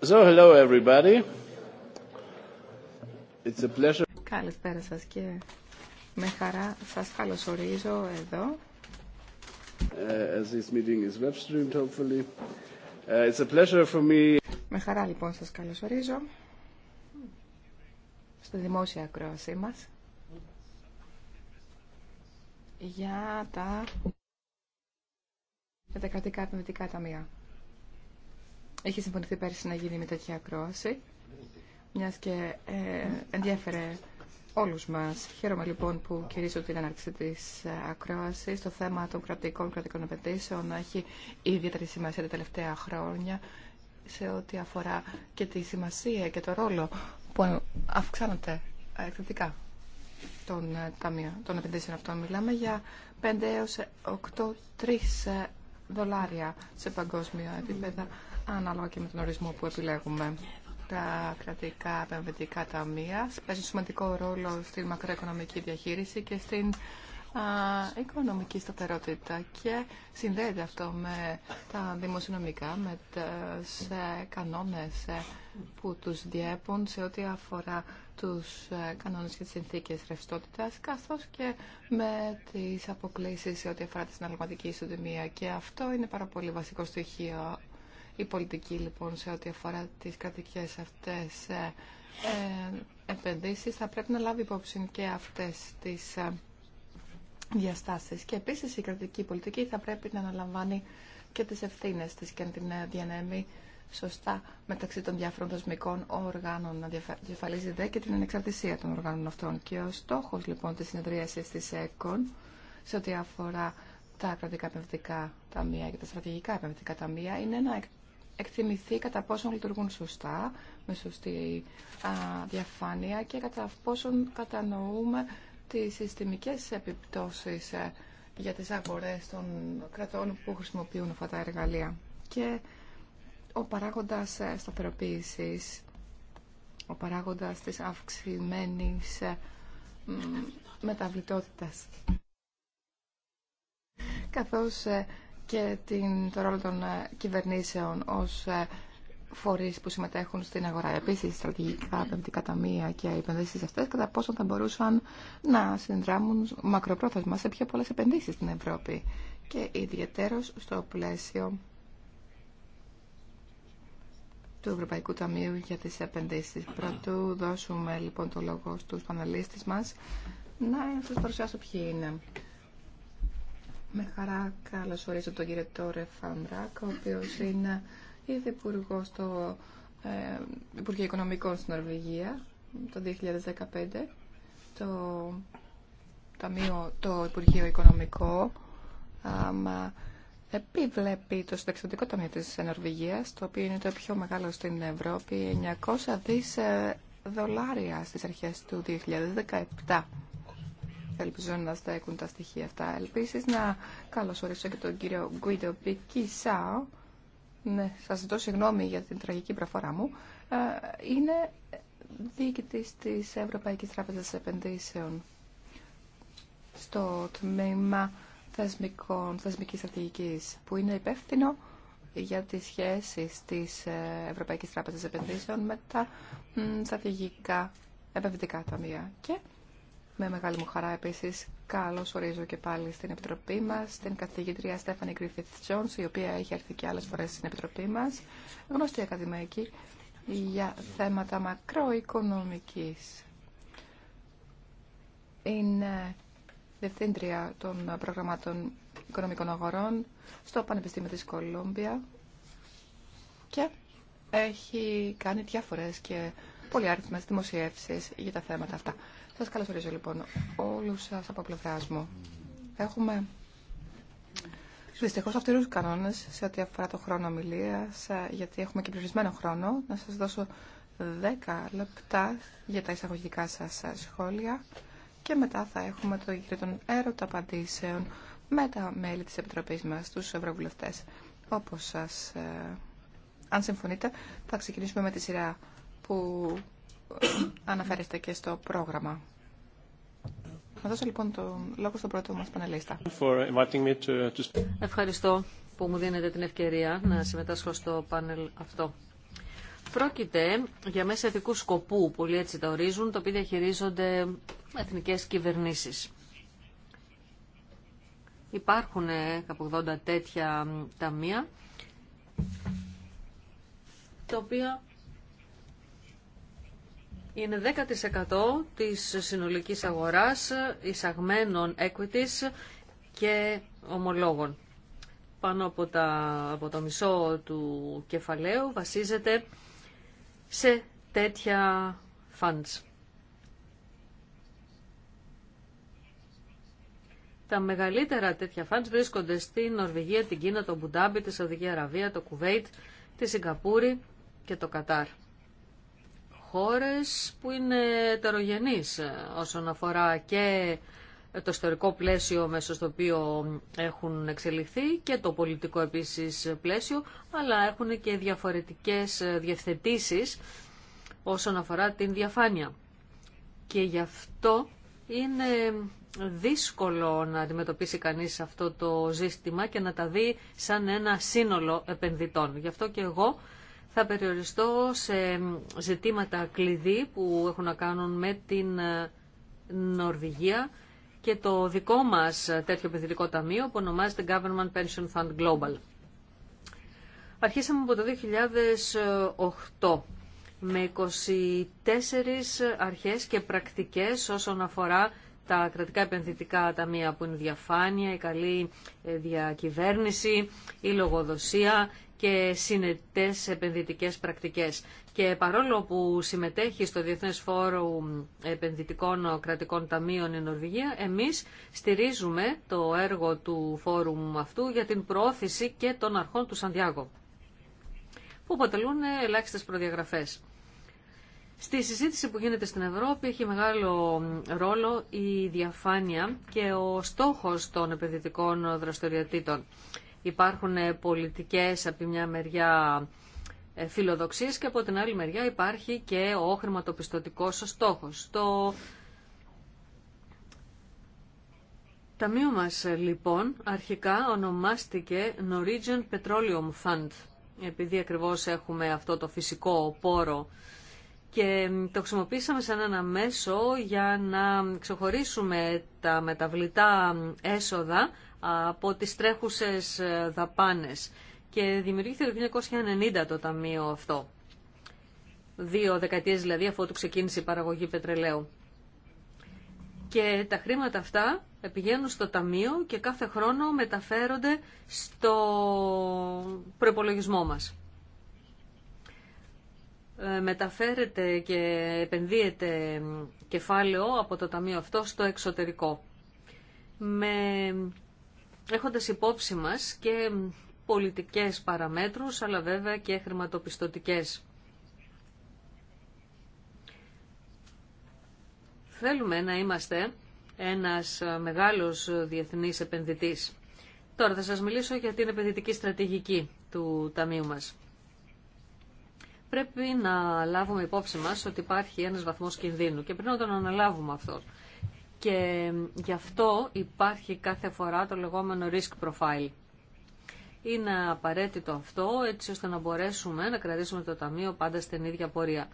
So, hello everybody. It's a pleasure. Καλησπέρα σας και με χαρά σας καλωσορίζω εδώ. Uh, as this meeting is web streamed, hopefully. Uh, it's a pleasure for me. Με χαρά λοιπόν σας καλωσορίζω στη δημόσια ακρόασή μας για τα... για τα κρατικά είχε συμφωνηθεί πέρυσι να γίνει με τέτοια ακρόαση, μια και ε, ενδιέφερε όλους μας. Χαίρομαι λοιπόν που κηρύσσω την έναρξη τη ε, ακρόαση Το θέμα των κρατικών κρατικών επενδύσεων έχει ιδιαίτερη σημασία τα τελευταία χρόνια σε ό,τι αφορά και τη σημασία και το ρόλο που αυξάνονται εκθετικά των, ε, των επενδύσεων αυτών. Μιλάμε για 5 έως 8-3 ε, δολάρια σε παγκόσμιο επίπεδα ανάλογα και με τον ορισμό που επιλέγουμε. Τα κρατικά επενδυτικά ταμεία παίζουν σημαντικό ρόλο στη μακροοικονομική διαχείριση και στην α, οικονομική σταθερότητα και συνδέεται αυτό με τα δημοσιονομικά, με τους κανόνες ε, που τους διέπουν σε ό,τι αφορά τους ε, κανόνες και τις συνθήκες ρευστότητας, καθώς και με τις αποκλήσεις σε ό,τι αφορά τη συναλλαγματική ισοτιμία. Και αυτό είναι πάρα πολύ βασικό στοιχείο η πολιτική λοιπόν σε ό,τι αφορά τις κρατικές αυτές ε, ε, επενδύσεις θα πρέπει να λάβει υπόψη και αυτές τις ε, διαστάσεις. Και επίσης η κρατική πολιτική θα πρέπει να αναλαμβάνει και τις ευθύνες της και να την ε, διανέμει σωστά μεταξύ των διάφορων δοσμικών οργάνων, να διαφαλίζει δε και την ανεξαρτησία των οργάνων αυτών. Και ο στόχος λοιπόν της συνεδρίασης της ΕΚΟΝ σε ό,τι αφορά τα κρατικά επενδυτικά ταμεία και τα στρατηγικά επενδυτικά ταμεία είναι να εκτιμηθεί κατά πόσον λειτουργούν σωστά, με σωστή διαφάνεια και κατά πόσον κατανοούμε τις συστημικές επιπτώσεις ε, για τις αγορές των κρατών που χρησιμοποιούν αυτά τα εργαλεία. Και ο παράγοντας ε, σταθεροποίησης, ο παράγοντας της αυξημένης α, ε, μεταβλητότητας. Καθώς και την, το ρόλο των ε, κυβερνήσεων ως ε, φορείς που συμμετέχουν στην αγορά. Επίσης, στρατηγικά επενδυτικά ταμεία και οι επενδύσεις αυτές κατά πόσο θα μπορούσαν να συνδράμουν μακροπρόθεσμα σε πιο πολλές επενδύσεις στην Ευρώπη και ιδιαίτερος στο πλαίσιο του Ευρωπαϊκού Ταμείου για τις επενδύσεις. Πρωτού δώσουμε λοιπόν το λόγο στους πανελίστες μα να σα παρουσιάσω ποιοι είναι. Με χαρά καλωσορίζω τον κύριο Τόρε Φαμπράκ, ο οποίο είναι ήδη υπουργό στο ε, Υπουργείο Οικονομικών στην Νορβηγία το 2015. Το, ταμείο, το Υπουργείο Οικονομικό α, επιβλέπει το συνταξιδοτικό ταμείο τη Νορβηγία, το οποίο είναι το πιο μεγάλο στην Ευρώπη, 900 δι ε, δολάρια στις αρχές του 2017 ελπίζω να στέκουν τα στοιχεία αυτά. Ελπίζω να καλωσορίσω και τον κύριο Γκουίντο Πικισάο. Ναι, σας ζητώ συγγνώμη για την τραγική προφορά μου. Ε, είναι διοικητής της Ευρωπαϊκής Τράπεζας Επενδύσεων στο τμήμα θεσμικών, θεσμικής στρατηγικής που είναι υπεύθυνο για τις σχέσεις της ε, Ευρωπαϊκής Τράπεζας Επενδύσεων με τα στρατηγικά επενδυτικά ταμεία. Και με μεγάλη μου χαρά επίσης καλώ ορίζω και πάλι στην Επιτροπή μας την καθηγήτρια Στέφανη Γκρίφιθ Τζόνς, η οποία έχει έρθει και άλλες φορές στην Επιτροπή μας, γνωστή ακαδημαϊκή, για θέματα μακροοικονομικής. Είναι διευθύντρια των προγραμμάτων οικονομικών αγορών στο Πανεπιστήμιο της Κολούμπια και έχει κάνει διάφορες και πολύ άριθμες δημοσιεύσεις για τα θέματα αυτά. Σας καλωσορίζω λοιπόν όλους σας από πλευρά μου. Έχουμε Δυστυχώ αυτηρού κανόνες σε ό,τι αφορά το χρόνο ομιλία, ε, γιατί έχουμε και περιορισμένο χρόνο. Να σας δώσω 10 λεπτά για τα εισαγωγικά σας σχόλια και μετά θα έχουμε το γύρο των έρωτα απαντήσεων με τα μέλη της Επιτροπής μας, τους Ευρωβουλευτές. Όπως σας ε, αν συμφωνείτε, θα ξεκινήσουμε με τη σειρά που αναφέρεστε και στο πρόγραμμα. Θα δώσω λοιπόν το λόγο στον πρώτο μας πανελίστα. Ευχαριστώ που μου δίνετε την ευκαιρία να συμμετάσχω στο πάνελ αυτό. Πρόκειται για μέσα ειδικού σκοπού, πολλοί έτσι τα ορίζουν, το οποίο διαχειρίζονται εθνικές κυβερνήσεις. Υπάρχουν ε, από 80 τέτοια ταμεία, τα οποία είναι 10% της συνολικής αγοράς εισαγμένων equities και ομολόγων. Πάνω από, από το μισό του κεφαλαίου βασίζεται σε τέτοια funds. Τα μεγαλύτερα τέτοια funds βρίσκονται στην Νορβηγία, την Κίνα, το Μπουντάμπι, τη Σαουδική Αραβία, το Κουβέιτ, τη Σιγκαπούρη και το Κατάρ χώρες που είναι ετερογενείς ε, όσον αφορά και το ιστορικό πλαίσιο μέσα στο οποίο έχουν εξελιχθεί και το πολιτικό επίσης πλαίσιο, αλλά έχουν και διαφορετικές ε, διευθετήσεις όσον αφορά την διαφάνεια. Και γι' αυτό είναι δύσκολο να αντιμετωπίσει κανείς αυτό το ζήτημα και να τα δει σαν ένα σύνολο επενδυτών. Γι' αυτό και εγώ θα περιοριστώ σε ζητήματα κλειδί που έχουν να κάνουν με την ε, Νορβηγία και το δικό μας τέτοιο παιδιτικό ταμείο που ονομάζεται Government Pension Fund Global. Αρχίσαμε από το 2008 με 24 αρχές και πρακτικές όσον αφορά τα κρατικά επενδυτικά ταμεία που είναι διαφάνεια, η καλή ε, διακυβέρνηση, η λογοδοσία και συνετές επενδυτικές πρακτικές. Και παρόλο που συμμετέχει στο Διεθνές φόρου Επενδυτικών Κρατικών Ταμείων η Νορβηγία, εμείς στηρίζουμε το έργο του φόρουμ αυτού για την προώθηση και των αρχών του Σαντιάγο, που αποτελούν ελάχιστες προδιαγραφές. Στη συζήτηση που γίνεται στην Ευρώπη έχει μεγάλο ρόλο η διαφάνεια και ο στόχος των επενδυτικών δραστηριοτήτων. Υπάρχουν πολιτικές από μια μεριά ε, φιλοδοξίες και από την άλλη μεριά υπάρχει και ο χρηματοπιστωτικός στόχος. Το ταμείο μας λοιπόν αρχικά ονομάστηκε Norwegian Petroleum Fund επειδή ακριβώς έχουμε αυτό το φυσικό πόρο και το χρησιμοποίησαμε σαν ένα μέσο για να ξεχωρίσουμε τα μεταβλητά έσοδα από τις τρέχουσες ε, δαπάνες και δημιουργήθηκε το 1990 το ταμείο αυτό. Δύο δεκαετίες δηλαδή αφού του ξεκίνησε η παραγωγή πετρελαίου. Και τα χρήματα αυτά πηγαίνουν στο ταμείο και κάθε χρόνο μεταφέρονται στο προπολογισμό μας. Ε, μεταφέρεται και επενδύεται κεφάλαιο από το ταμείο αυτό στο εξωτερικό. Με, έχοντας υπόψη μας και πολιτικές παραμέτρους, αλλά βέβαια και χρηματοπιστωτικές. Θέλουμε να είμαστε ένας μεγάλος διεθνής επενδυτής. Τώρα θα σας μιλήσω για την επενδυτική στρατηγική του Ταμείου μας πρέπει να λάβουμε υπόψη μας ότι υπάρχει ένας βαθμός κινδύνου και πρέπει να τον αναλάβουμε αυτό. Και γι' αυτό υπάρχει κάθε φορά το λεγόμενο risk profile. Είναι απαραίτητο αυτό έτσι ώστε να μπορέσουμε να κρατήσουμε το Ταμείο πάντα στην ίδια πορεία.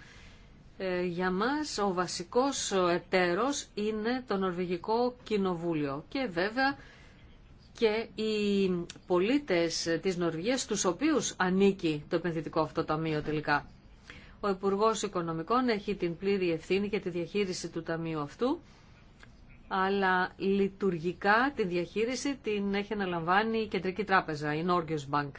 Ε, για μας ο βασικός εταίρος είναι το Νορβηγικό Κοινοβούλιο και βέβαια και οι πολίτες της Νορβηγίας, στους οποίους ανήκει το επενδυτικό αυτό ταμείο τελικά. Ο Υπουργό Οικονομικών έχει την πλήρη ευθύνη για τη διαχείριση του ταμείου αυτού, αλλά λειτουργικά τη διαχείριση την έχει αναλαμβάνει η Κεντρική Τράπεζα, η Norges Bank.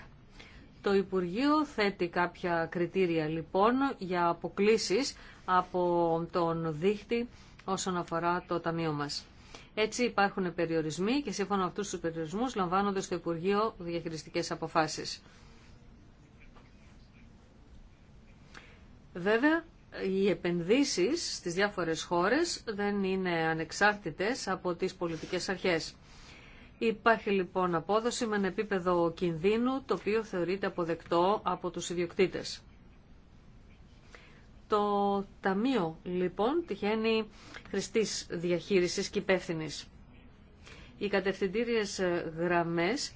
Το Υπουργείο θέτει κάποια κριτήρια λοιπόν για αποκλήσεις από τον δίχτυ όσον αφορά το ταμείο μας. Έτσι υπάρχουν περιορισμοί και σύμφωνα με αυτούς τους περιορισμούς λαμβάνονται στο Υπουργείο διαχειριστικές αποφάσεις. Βέβαια, οι επενδύσεις στις διάφορες χώρες δεν είναι ανεξάρτητες από τις πολιτικές αρχές. Υπάρχει λοιπόν απόδοση με ένα επίπεδο κινδύνου το οποίο θεωρείται αποδεκτό από τους ιδιοκτήτες. Το Ταμείο λοιπόν τυχαίνει χρηστής διαχείρισης και υπεύθυνη. Οι κατευθυντήριες γραμμές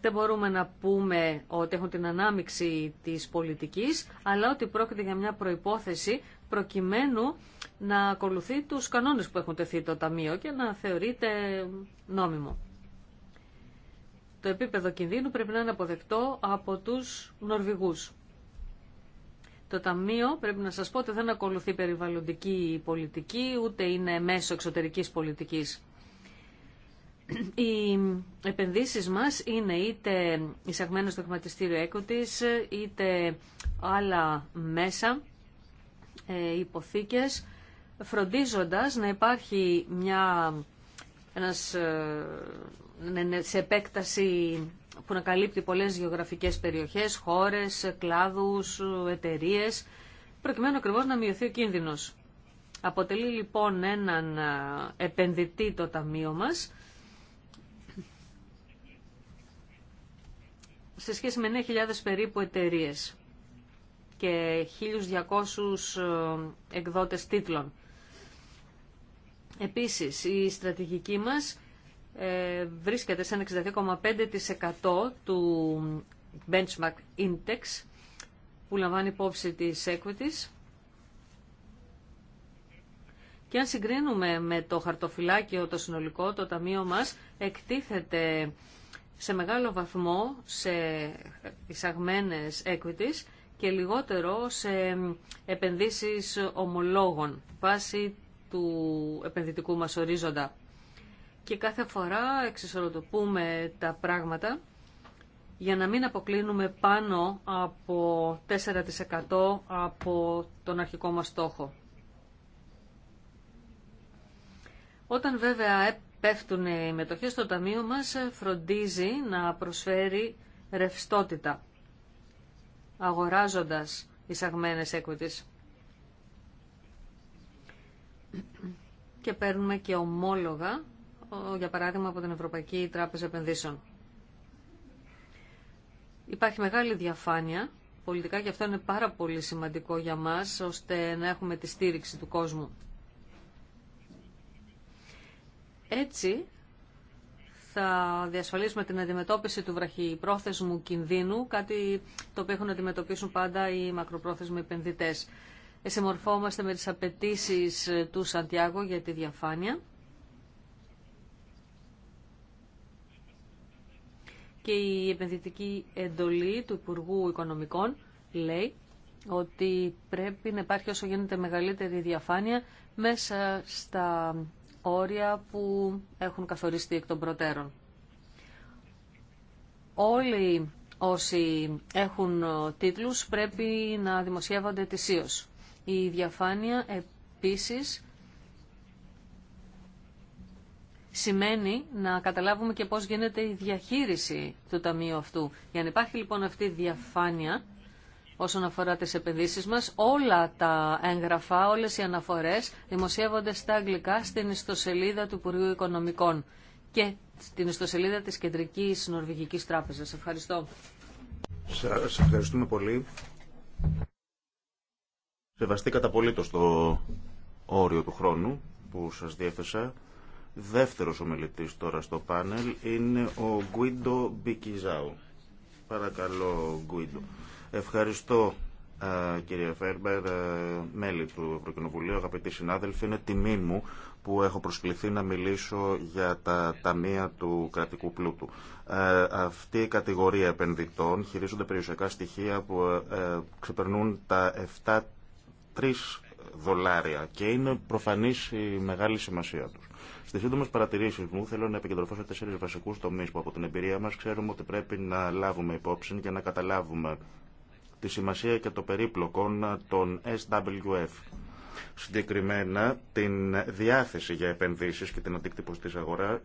δεν μπορούμε να πούμε ότι έχουν την ανάμιξη της πολιτικής, αλλά ότι πρόκειται για μια προϋπόθεση προκειμένου να ακολουθεί τους κανόνες που έχουν τεθεί το Ταμείο και να θεωρείται νόμιμο. Το επίπεδο κινδύνου πρέπει να είναι αποδεκτό από τους Νορβηγούς. Το Ταμείο, πρέπει να σας πω, ότι δεν ακολουθεί περιβαλλοντική πολιτική, ούτε είναι μέσο εξωτερικής πολιτικής. Οι επενδύσεις μας είναι είτε εισαγμένο στο χρηματιστήριο έκοτης είτε άλλα μέσα, ε, υποθήκες, φροντίζοντας να υπάρχει μια, ένας, ε, σε επέκταση που να καλύπτει πολλές γεωγραφικές περιοχές, χώρες, κλάδους, εταιρείε, προκειμένου ακριβώ να μειωθεί ο κίνδυνος. Αποτελεί λοιπόν έναν επενδυτή το ταμείο μας, σε σχέση με 9.000 περίπου εταιρείε και 1.200 εκδότες τίτλων. Επίσης, η στρατηγική μας ε, βρίσκεται σε 62,5% του benchmark index που λαμβάνει υπόψη της equities. Και αν συγκρίνουμε με το χαρτοφυλάκιο το συνολικό, το ταμείο μας εκτίθεται σε μεγάλο βαθμό σε εισαγμένες equities και λιγότερο σε επενδύσεις ομολόγων βάσει του επενδυτικού μας ορίζοντα και κάθε φορά εξισορροπούμε τα πράγματα για να μην αποκλίνουμε πάνω από 4% από τον αρχικό μας στόχο. Όταν βέβαια πέφτουν οι μετοχές στο ταμείο μας, φροντίζει να προσφέρει ρευστότητα, αγοράζοντας εισαγμένες equities. Και παίρνουμε και ομόλογα για παράδειγμα από την Ευρωπαϊκή Τράπεζα Επενδύσεων. Υπάρχει μεγάλη διαφάνεια πολιτικά και αυτό είναι πάρα πολύ σημαντικό για μας ώστε να έχουμε τη στήριξη του κόσμου. Έτσι θα διασφαλίσουμε την αντιμετώπιση του βραχυπρόθεσμου κινδύνου, κάτι το οποίο έχουν να αντιμετωπίσουν πάντα οι μακροπρόθεσμοι επενδυτές. Εσημορφόμαστε με τις απαιτήσει του Σαντιάγο για τη διαφάνεια και η επενδυτική εντολή του Υπουργού Οικονομικών λέει ότι πρέπει να υπάρχει όσο γίνεται μεγαλύτερη διαφάνεια μέσα στα όρια που έχουν καθοριστεί εκ των προτέρων. Όλοι όσοι έχουν τίτλους πρέπει να δημοσιεύονται ετησίως. Η διαφάνεια επίσης σημαίνει να καταλάβουμε και πώς γίνεται η διαχείριση του ταμείου αυτού. Για να υπάρχει λοιπόν αυτή η διαφάνεια όσον αφορά τις επενδύσεις μας, όλα τα έγγραφα, όλες οι αναφορές δημοσιεύονται στα αγγλικά στην ιστοσελίδα του Υπουργείου Οικονομικών και στην ιστοσελίδα της Κεντρικής Νορβηγικής Τράπεζας. Ευχαριστώ. Σας ευχαριστούμε πολύ. Σεβαστήκατε απολύτως το όριο του χρόνου που σας διέθεσα. Δεύτερος ομιλητής τώρα στο πάνελ είναι ο Γκουίντο Μπικιζάου. Παρακαλώ, Γκουίντο. Ευχαριστώ, κύριε Φέρμπερ, μέλη του Ευρωκοινοβουλίου, αγαπητοί συνάδελφοι. Είναι τιμή μου που έχω προσκληθεί να μιλήσω για τα ταμεία του κρατικού πλούτου. αυτή η κατηγορία επενδυτών χειρίζονται περιουσιακά στοιχεία που ξεπερνούν τα 7-3 δολάρια και είναι προφανής η μεγάλη σημασία τους. Στι σύντομε παρατηρήσει μου θέλω να επικεντρωθώ σε τέσσερι βασικού τομεί που από την εμπειρία μα ξέρουμε ότι πρέπει να λάβουμε υπόψη για να καταλάβουμε τη σημασία και το περίπλοκο των SWF Συγκεκριμένα την διάθεση για επενδύσεις και την αντίκτυπο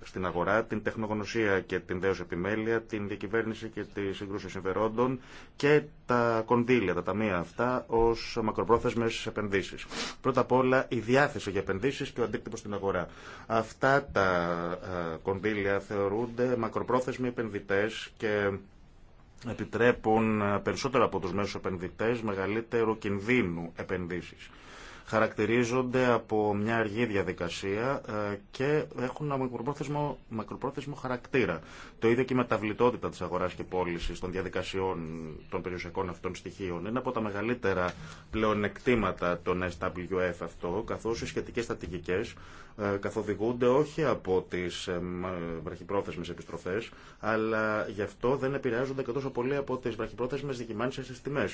στην αγορά, την τεχνογνωσία και την δέος επιμέλεια, την διακυβέρνηση και τη σύγκρουση συμφερόντων και τα κονδύλια, τα ταμεία αυτά ως μακροπρόθεσμες επενδύσεις. Πρώτα απ' όλα η διάθεση για επενδύσεις και ο αντίκτυπος στην αγορά. Αυτά τα κονδύλια θεωρούνται μακροπρόθεσμοι επενδυτές και επιτρέπουν περισσότερο από τους μέσους επενδυτές μεγαλύτερο κινδύνου επενδύσεις χαρακτηρίζονται από μια αργή διαδικασία ε, και έχουν ένα μακροπρόθεσμο, μακροπρόθεσμο χαρακτήρα. Το ίδιο και η μεταβλητότητα της αγοράς και πώλησης των διαδικασιών των περιουσιακών αυτών στοιχείων. Είναι από τα μεγαλύτερα πλεονεκτήματα των SWF αυτό, καθώς οι σχετικές στατικικές ε, καθοδηγούνται όχι από τις ε, βραχυπρόθεσμες επιστροφές, αλλά γι' αυτό δεν επηρεάζονται και τόσο πολύ από τις βραχυπρόθεσμες δικημάνησες στις τιμές.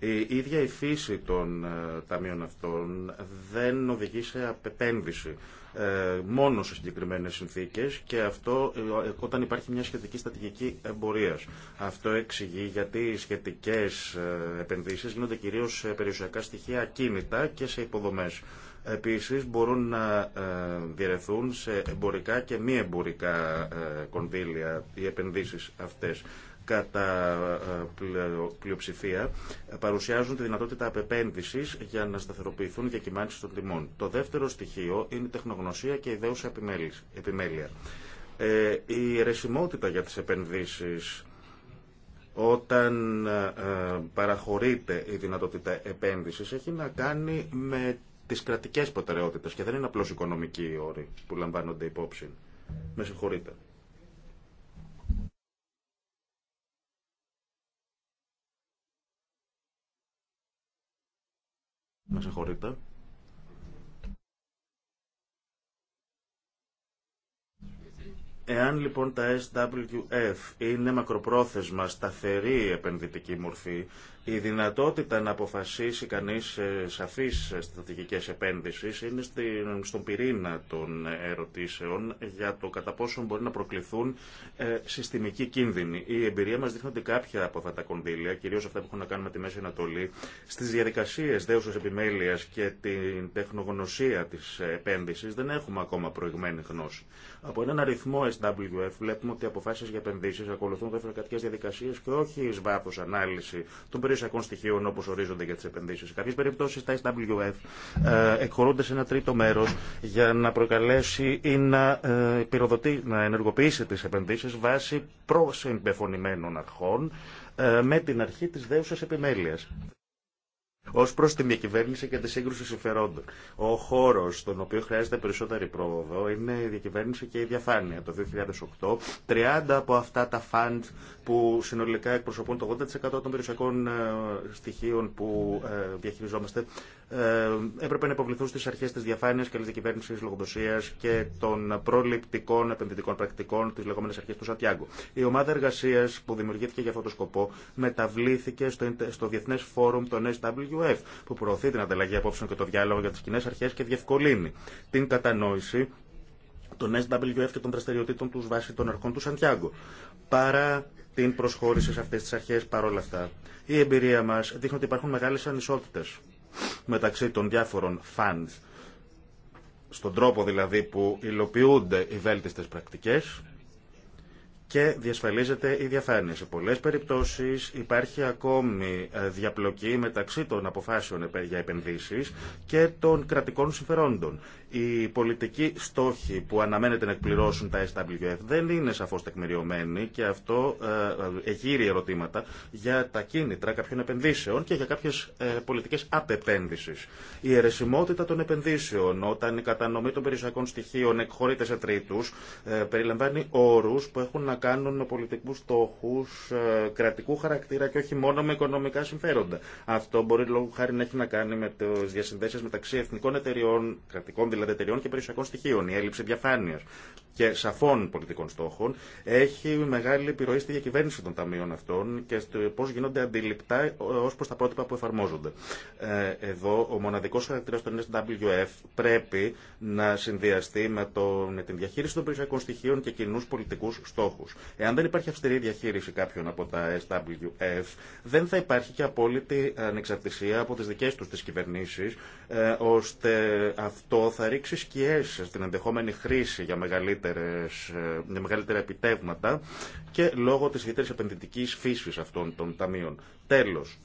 Η ίδια η φύση των ε, ταμείων αυτών δεν οδηγεί σε απεπένδυση ε, μόνο σε συγκεκριμένες συνθήκες και αυτό ε, όταν υπάρχει μια σχετική στατηγική εμπορίας. Αυτό εξηγεί γιατί οι σχετικές επενδύσεις γίνονται κυρίως σε περιουσιακά στοιχεία ακίνητα και σε υποδομές. Επίσης μπορούν να διαιρεθούν σε εμπορικά και μη εμπορικά κονδύλια οι επενδύσεις αυτές κατά ε, πλειοψηφία παρουσιάζουν τη δυνατότητα απεπένδυση για να σταθεροποιηθούν οι διακυμάνσει των τιμών. Το δεύτερο στοιχείο είναι η τεχνογνωσία και η δέουσα επιμέλεια. Ε, η ρεσιμότητα για τις επενδύσεις όταν ε, παραχωρείται η δυνατότητα επένδυσης έχει να κάνει με τις κρατικές προτεραιότητες και δεν είναι απλώς οικονομικοί οι όροι που λαμβάνονται υπόψη. Με συγχωρείτε. Με Εάν λοιπόν τα SWF είναι μακροπρόθεσμα σταθερή επενδυτική μορφή, η δυνατότητα να αποφασίσει κανείς σαφής ε, σαφείς στρατηγικές επένδυσεις είναι στον πυρήνα των ερωτήσεων για το κατά πόσο μπορεί να προκληθούν ε, συστημικοί κίνδυνοι. Η εμπειρία μας δείχνει ότι κάποια από αυτά τα κονδύλια, κυρίως αυτά που έχουν να κάνουν με τη Μέση Ανατολή, στις διαδικασίες δέουσας επιμέλειας και την τεχνογνωσία της επένδυσης δεν έχουμε ακόμα προηγμένη γνώση. Από έναν αριθμό SWF βλέπουμε ότι οι αποφάσεις για επενδύσεις ακολουθούν γραφειοκρατικές διαδικασίες και όχι εις βάθος ανάλυση των σε στοιχείων όπω ορίζονται για τι επενδύσει. Σε κάποιε περιπτώσει τα SWF ε, εκχωρούνται σε ένα τρίτο μέρο για να προκαλέσει ή να, ε, πυροδοτεί, να ενεργοποιήσει τι επενδύσει βάσει προσυμπεφωνημένων αρχών ε, με την αρχή τη δεούσα επιμέλεια. Ω προ τη διακυβέρνηση και τη σύγκρουση συμφερόντων. Ο χώρο στον οποίο χρειάζεται περισσότερη πρόοδο είναι η διακυβέρνηση και η διαφάνεια. Το 2008, 30 από αυτά τα φαντ που συνολικά εκπροσωπούν το 80% των περιουσιακών ε, στοιχείων που ε, διαχειριζόμαστε ε, έπρεπε να υποβληθούν στι αρχέ τη διαφάνεια, τη κυβέρνηση λογοδοσία και των προληπτικών επενδυτικών πρακτικών, τη λεγόμενε αρχέ του Σαντιάγκο. Η ομάδα εργασία που δημιουργήθηκε για αυτό το σκοπό μεταβλήθηκε στο, στο Διεθνέ Φόρουμ των SWF, που προωθεί την ανταλλαγή απόψεων και το διάλογο για τι κοινέ αρχέ και διευκολύνει την κατανόηση των SWF και των δραστηριοτήτων του βάσει των αρχών του Σαντιάγκο. Παρά την προσχώρηση σε αυτέ τι αρχέ, παρόλα αυτά, η εμπειρία μα δείχνει ότι υπάρχουν μεγάλε ανισότητε μεταξύ των διάφορων funds, στον τρόπο δηλαδή που υλοποιούνται οι βέλτιστες πρακτικές και διασφαλίζεται η διαφάνεια. Σε πολλές περιπτώσεις υπάρχει ακόμη ε, διαπλοκή μεταξύ των αποφάσεων για επενδύσεις και των κρατικών συμφερόντων. Οι πολιτικοί στόχοι που αναμένεται να εκπληρώσουν τα SWF δεν είναι σαφώς τεκμηριωμένοι και αυτό ε, ε, εγείρει ερωτήματα για τα κίνητρα κάποιων επενδύσεων και για κάποιες πολιτικές απεπένδυσης. Η αιρεσιμότητα των επενδύσεων όταν η κατανομή των περιουσιακών στοιχείων εκχωρείται σε τρίτους περιλαμβάνει όρους που έχουν να κάνουν με στόχου ε, κρατικού χαρακτήρα και όχι μόνο με οικονομικά συμφέροντα. Αυτό μπορεί λόγω χάρη να έχει να κάνει με τι διασυνδέσει μεταξύ εθνικών εταιριών, κρατικών δηλαδή εταιριών και περιουσιακών στοιχείων, η έλλειψη διαφάνεια και σαφών πολιτικών στόχων έχει μεγάλη επιρροή στη διακυβέρνηση των ταμείων αυτών και στο πώς γίνονται αντιληπτά ω προ τα πρότυπα που εφαρμόζονται. Ε, εδώ ο μοναδικό χαρακτήρα των SWF πρέπει να συνδυαστεί με, το, με την διαχείριση των περιουσιακών στοιχείων και κοινού πολιτικού στόχου. Εάν δεν υπάρχει αυστηρή διαχείριση κάποιων από τα SWF, δεν θα υπάρχει και απόλυτη ανεξαρτησία από τι δικέ του τι κυβερνήσει, ε, ώστε αυτό θα ρίξει σκιέ στην ενδεχόμενη χρήση για, μεγαλύτερες, ε, για μεγαλύτερα επιτεύγματα και λόγω τη ιδιαίτερη επενδυτική φύση αυτών των ταμείων. Τέλος,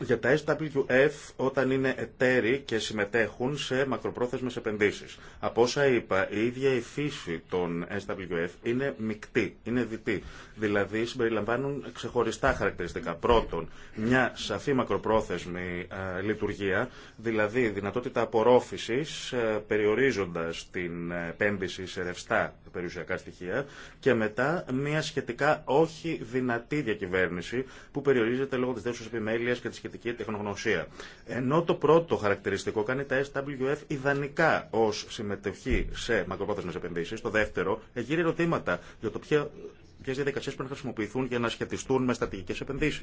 για τα SWF όταν είναι εταίροι και συμμετέχουν σε μακροπρόθεσμες επενδύσεις. Από όσα είπα, η ίδια η φύση των SWF είναι μεικτή, είναι δυτή. Δηλαδή συμπεριλαμβάνουν ξεχωριστά χαρακτηριστικά. Πρώτον, μια σαφή μακροπρόθεσμη ε, λειτουργία, δηλαδή δυνατότητα απορρόφησης ε, περιορίζοντας την ε, επένδυση σε ρευστά περιουσιακά στοιχεία και μετά μια σχετικά όχι δυνατή διακυβέρνηση που περιορίζεται λόγω τη δέσμευσης επιμέλειας και τη σχετική τεχνογνωσία. Ενώ το πρώτο χαρακτηριστικό κάνει τα SWF ιδανικά ως συμμετοχή σε μακροπρόθεσμες επενδύσεις, το δεύτερο εγείρει ερωτήματα για το ποια ποιε διαδικασίε πρέπει να χρησιμοποιηθούν για να σχετιστούν με στρατηγικέ επενδύσει.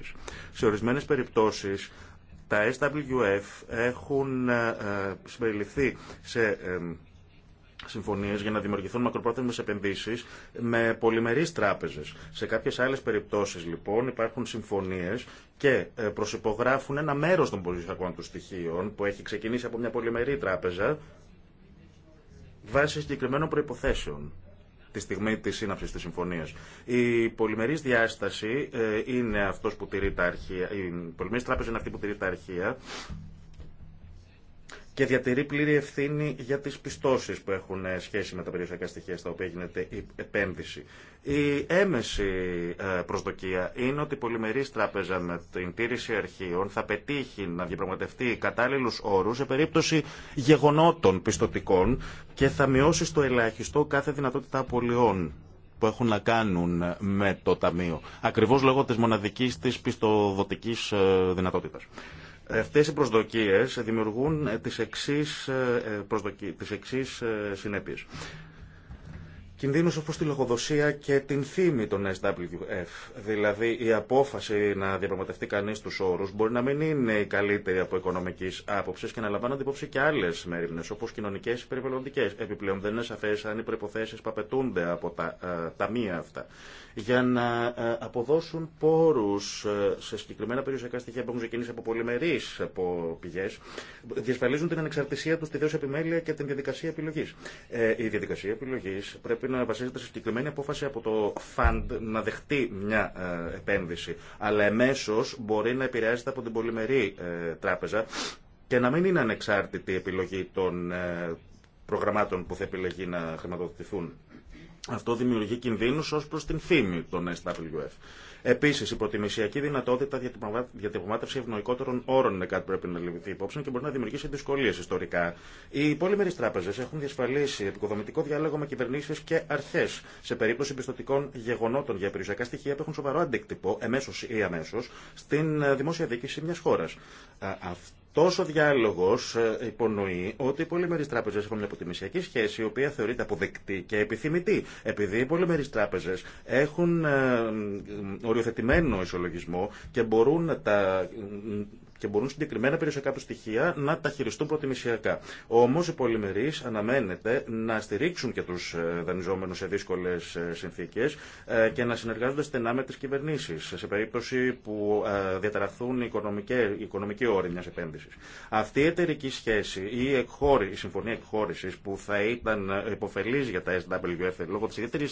Σε ορισμένε περιπτώσει, τα SWF έχουν ε, ε, συμπεριληφθεί σε ε, συμφωνίε για να δημιουργηθούν μακροπρόθεσμε επενδύσει με πολυμερεί τράπεζε. Σε κάποιε άλλε περιπτώσει, λοιπόν, υπάρχουν συμφωνίε και ε, προσυπογράφουν ένα μέρο των περιουσιακών του στοιχείων που έχει ξεκινήσει από μια πολυμερή τράπεζα βάσει συγκεκριμένων προποθέσεων τη στιγμή της σύναψη της συμφωνία. Η πολυμερή διάσταση ε, είναι που η τράπεζα είναι αυτή που τηρεί τα αρχεία και διατηρεί πλήρη ευθύνη για τις πιστώσεις που έχουν ε, σχέση με τα περιουσιακά στοιχεία στα οποία γίνεται η επένδυση. Η έμεση ε, προσδοκία είναι ότι η πολυμερής τράπεζα με την τήρηση αρχείων θα πετύχει να διαπραγματευτεί κατάλληλους όρους σε περίπτωση γεγονότων πιστοτικών και θα μειώσει στο ελάχιστο κάθε δυνατότητα απολειών που έχουν να κάνουν με το Ταμείο, ακριβώς λόγω της μοναδικής της πιστοδοτικής ε, δυνατότητας. Αυτές οι προσδοκίες δημιουργούν τις εξής, ε, τις εξής ε, συνέπειες κινδύνους όπως τη λογοδοσία και την θύμη των SWF. Δηλαδή η απόφαση να διαπραγματευτεί κανείς τους όρους μπορεί να μην είναι η καλύτερη από οικονομικής άποψης και να λαμβάνονται υπόψη και άλλες μέρημνες όπως κοινωνικές ή περιβαλλοντικές. Επιπλέον δεν είναι σαφές αν οι προϋποθέσεις που από τα α, ε, ταμεία αυτά για να ε, αποδώσουν πόρους ε, σε συγκεκριμένα περιουσιακά στοιχεία που έχουν ξεκινήσει από πολυμερείς πηγέ, πηγές διασφαλίζουν την ανεξαρτησία του στη δέωση επιμέλεια και την διαδικασία επιλογής. η διαδικασία επιλογής πρέπει να βασίζεται σε συγκεκριμένη απόφαση από το φαντ να δεχτεί μια ε, επένδυση. Αλλά εμέσω μπορεί να επηρεάζεται από την πολυμερή ε, τράπεζα και να μην είναι ανεξάρτητη η επιλογή των ε, προγραμμάτων που θα επιλεγεί να χρηματοδοτηθούν. Αυτό δημιουργεί κινδύνους ως προς την φήμη των SWF. Επίση, η προτιμησιακή δυνατότητα διατυπωμάτευση ευνοϊκότερων όρων είναι κάτι που πρέπει να ληφθεί υπόψη και μπορεί να δημιουργήσει δυσκολίε ιστορικά. Οι πολυμερεί τράπεζε έχουν διασφαλίσει επικοδομητικό διάλογο με κυβερνήσει και αρχέ σε περίπτωση πιστοτικών γεγονότων για περιουσιακά στοιχεία που έχουν σοβαρό αντίκτυπο, εμέσω ή αμέσω, στην ε, δημόσια διοίκηση μια χώρα. Τόσο διάλογο ε, υπονοεί ότι οι πολυμερεί τράπεζε έχουν μια αποτιμησιακή σχέση, η οποία θεωρείται αποδεκτή και επιθυμητή. Επειδή οι πολυμερεί τράπεζε έχουν ε, οριοθετημένο ισολογισμό και μπορούν τα και μπορούν συγκεκριμένα περιουσιακά του στοιχεία να τα χειριστούν προτιμησιακά. Όμω οι πολυμερεί αναμένεται να στηρίξουν και του ε, δανειζόμενου σε δύσκολε συνθήκε ε, και να συνεργάζονται στενά με τι κυβερνήσει σε περίπτωση που ε, διαταραχθούν οι οικονομικοί όροι μια επένδυση. Αυτή η εταιρική σχέση ή η συμφωνία εκχώρηση που θα ήταν υποφελή για τα SWF λόγω τη ιδιαίτερη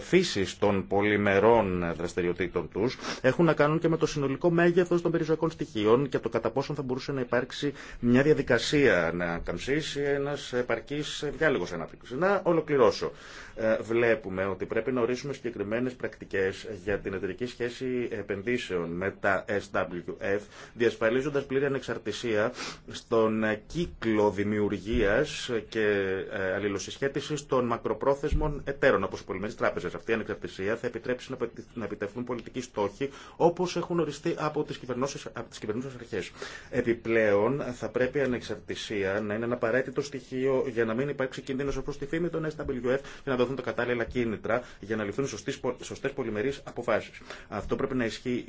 φύση των πολυμερών δραστηριοτήτων του έχουν να κάνουν και με το συνολικό μέγεθο των περιουσιακών στοιχείων και από το κατά πόσο θα μπορούσε να υπάρξει μια διαδικασία να καμψήσει ένα επαρκή διάλογο ανάπτυξη. Να ολοκληρώσω. Ε, βλέπουμε ότι πρέπει να ορίσουμε συγκεκριμένε πρακτικέ για την εταιρική σχέση επενδύσεων με τα SWF, διασφαλίζοντα πλήρη ανεξαρτησία στον κύκλο δημιουργία και ε, αλληλοσυσχέτιση των μακροπρόθεσμων εταίρων, από οι πολυμερεί τράπεζε. Αυτή η ανεξαρτησία θα επιτρέψει να επιτευχθούν πολιτικοί στόχοι όπω έχουν οριστεί από τι κυβερνούσε αρχέ. Επιπλέον, θα πρέπει η ανεξαρτησία να είναι ένα απαραίτητο στοιχείο για να μην υπάρξει κίνδυνο προ τη φήμη των SWF δοθούν τα κατάλληλα κίνητρα για να ληφθούν σωστέ πολυμερεί αποφάσει. Αυτό πρέπει να ισχύει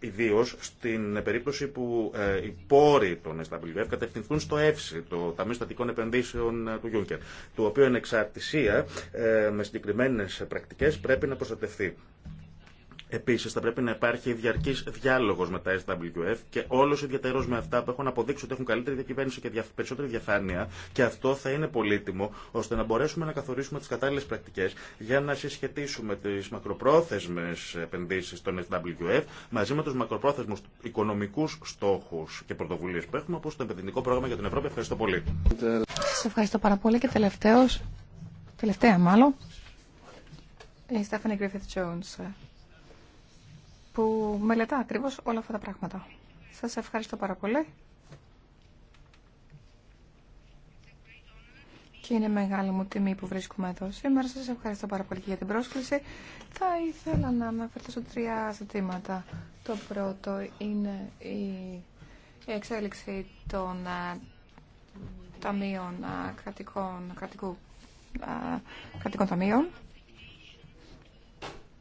ιδίω στην περίπτωση που ε, οι πόροι των SWF κατευθυνθούν στο ΕΦΣΙ, το Ταμείο Στατικών Επενδύσεων ε, του Γιούνκερ, του οποίου ανεξαρτησία ε, με συγκεκριμένε πρακτικέ πρέπει να προστατευτεί. Επίση, θα πρέπει να υπάρχει διαρκή διάλογο με τα SWF και όλο ιδιαίτερο με αυτά που έχουν αποδείξει ότι έχουν καλύτερη διακυβέρνηση και περισσότερη διαφάνεια. Και αυτό θα είναι πολύτιμο ώστε να μπορέσουμε να καθορίσουμε τι κατάλληλε πρακτικέ για να συσχετίσουμε τι μακροπρόθεσμε επενδύσει των SWF μαζί με του μακροπρόθεσμου οικονομικού στόχου και πρωτοβουλίε που έχουμε, όπω το επενδυτικό πρόγραμμα για την Ευρώπη. Ευχαριστώ πολύ. Σα ευχαριστώ πάρα πολύ και τελευταίο. Τελευταία μάλλον. Η Stephanie Griffith Jones που μελετά ακριβώς όλα αυτά τα πράγματα. Σας ευχαριστώ πάρα πολύ. Και είναι μεγάλη μου τιμή που βρίσκουμε εδώ σήμερα. Σας ευχαριστώ πάρα πολύ και για την πρόσκληση. Θα ήθελα να αναφερθώ σε τρία ζητήματα. Το πρώτο είναι η εξέλιξη των ε, ταμείων ε, κρατικών, κρατικού, ε, κρατικών ταμείων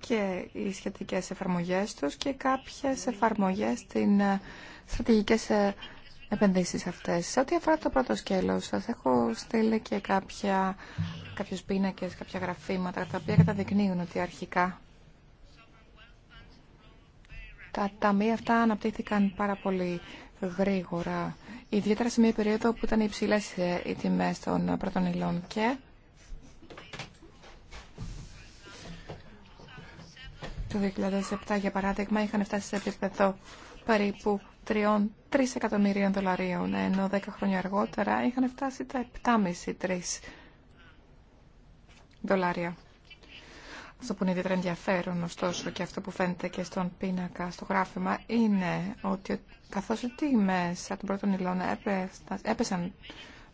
και οι σχετικές εφαρμογές τους και κάποιες εφαρμογές στην ε, στρατηγικές ε, επενδύσεις αυτές. Σε ό,τι αφορά το πρώτο σκέλος, σας έχω στείλει και κάποια, κάποιους πίνακες, κάποια γραφήματα, τα οποία καταδεικνύουν ότι αρχικά τα ταμεία αυτά αναπτύχθηκαν πάρα πολύ γρήγορα, ιδιαίτερα σε μια περίοδο που ήταν υψηλές ε, οι τιμές των πρώτων υλών και Το 2007, για παράδειγμα, είχαν φτάσει σε επίπεδο περίπου 3 εκατομμυρίων δολαρίων, ενώ 10 χρόνια αργότερα είχαν φτάσει τα 7,5-3 δολάρια. Αυτό που είναι ιδιαίτερα ενδιαφέρον, ωστόσο, και αυτό που φαίνεται και στον πίνακα, στο γράφημα, είναι ότι καθώ οι τιμές από τον πρώτο υλών έπεσαν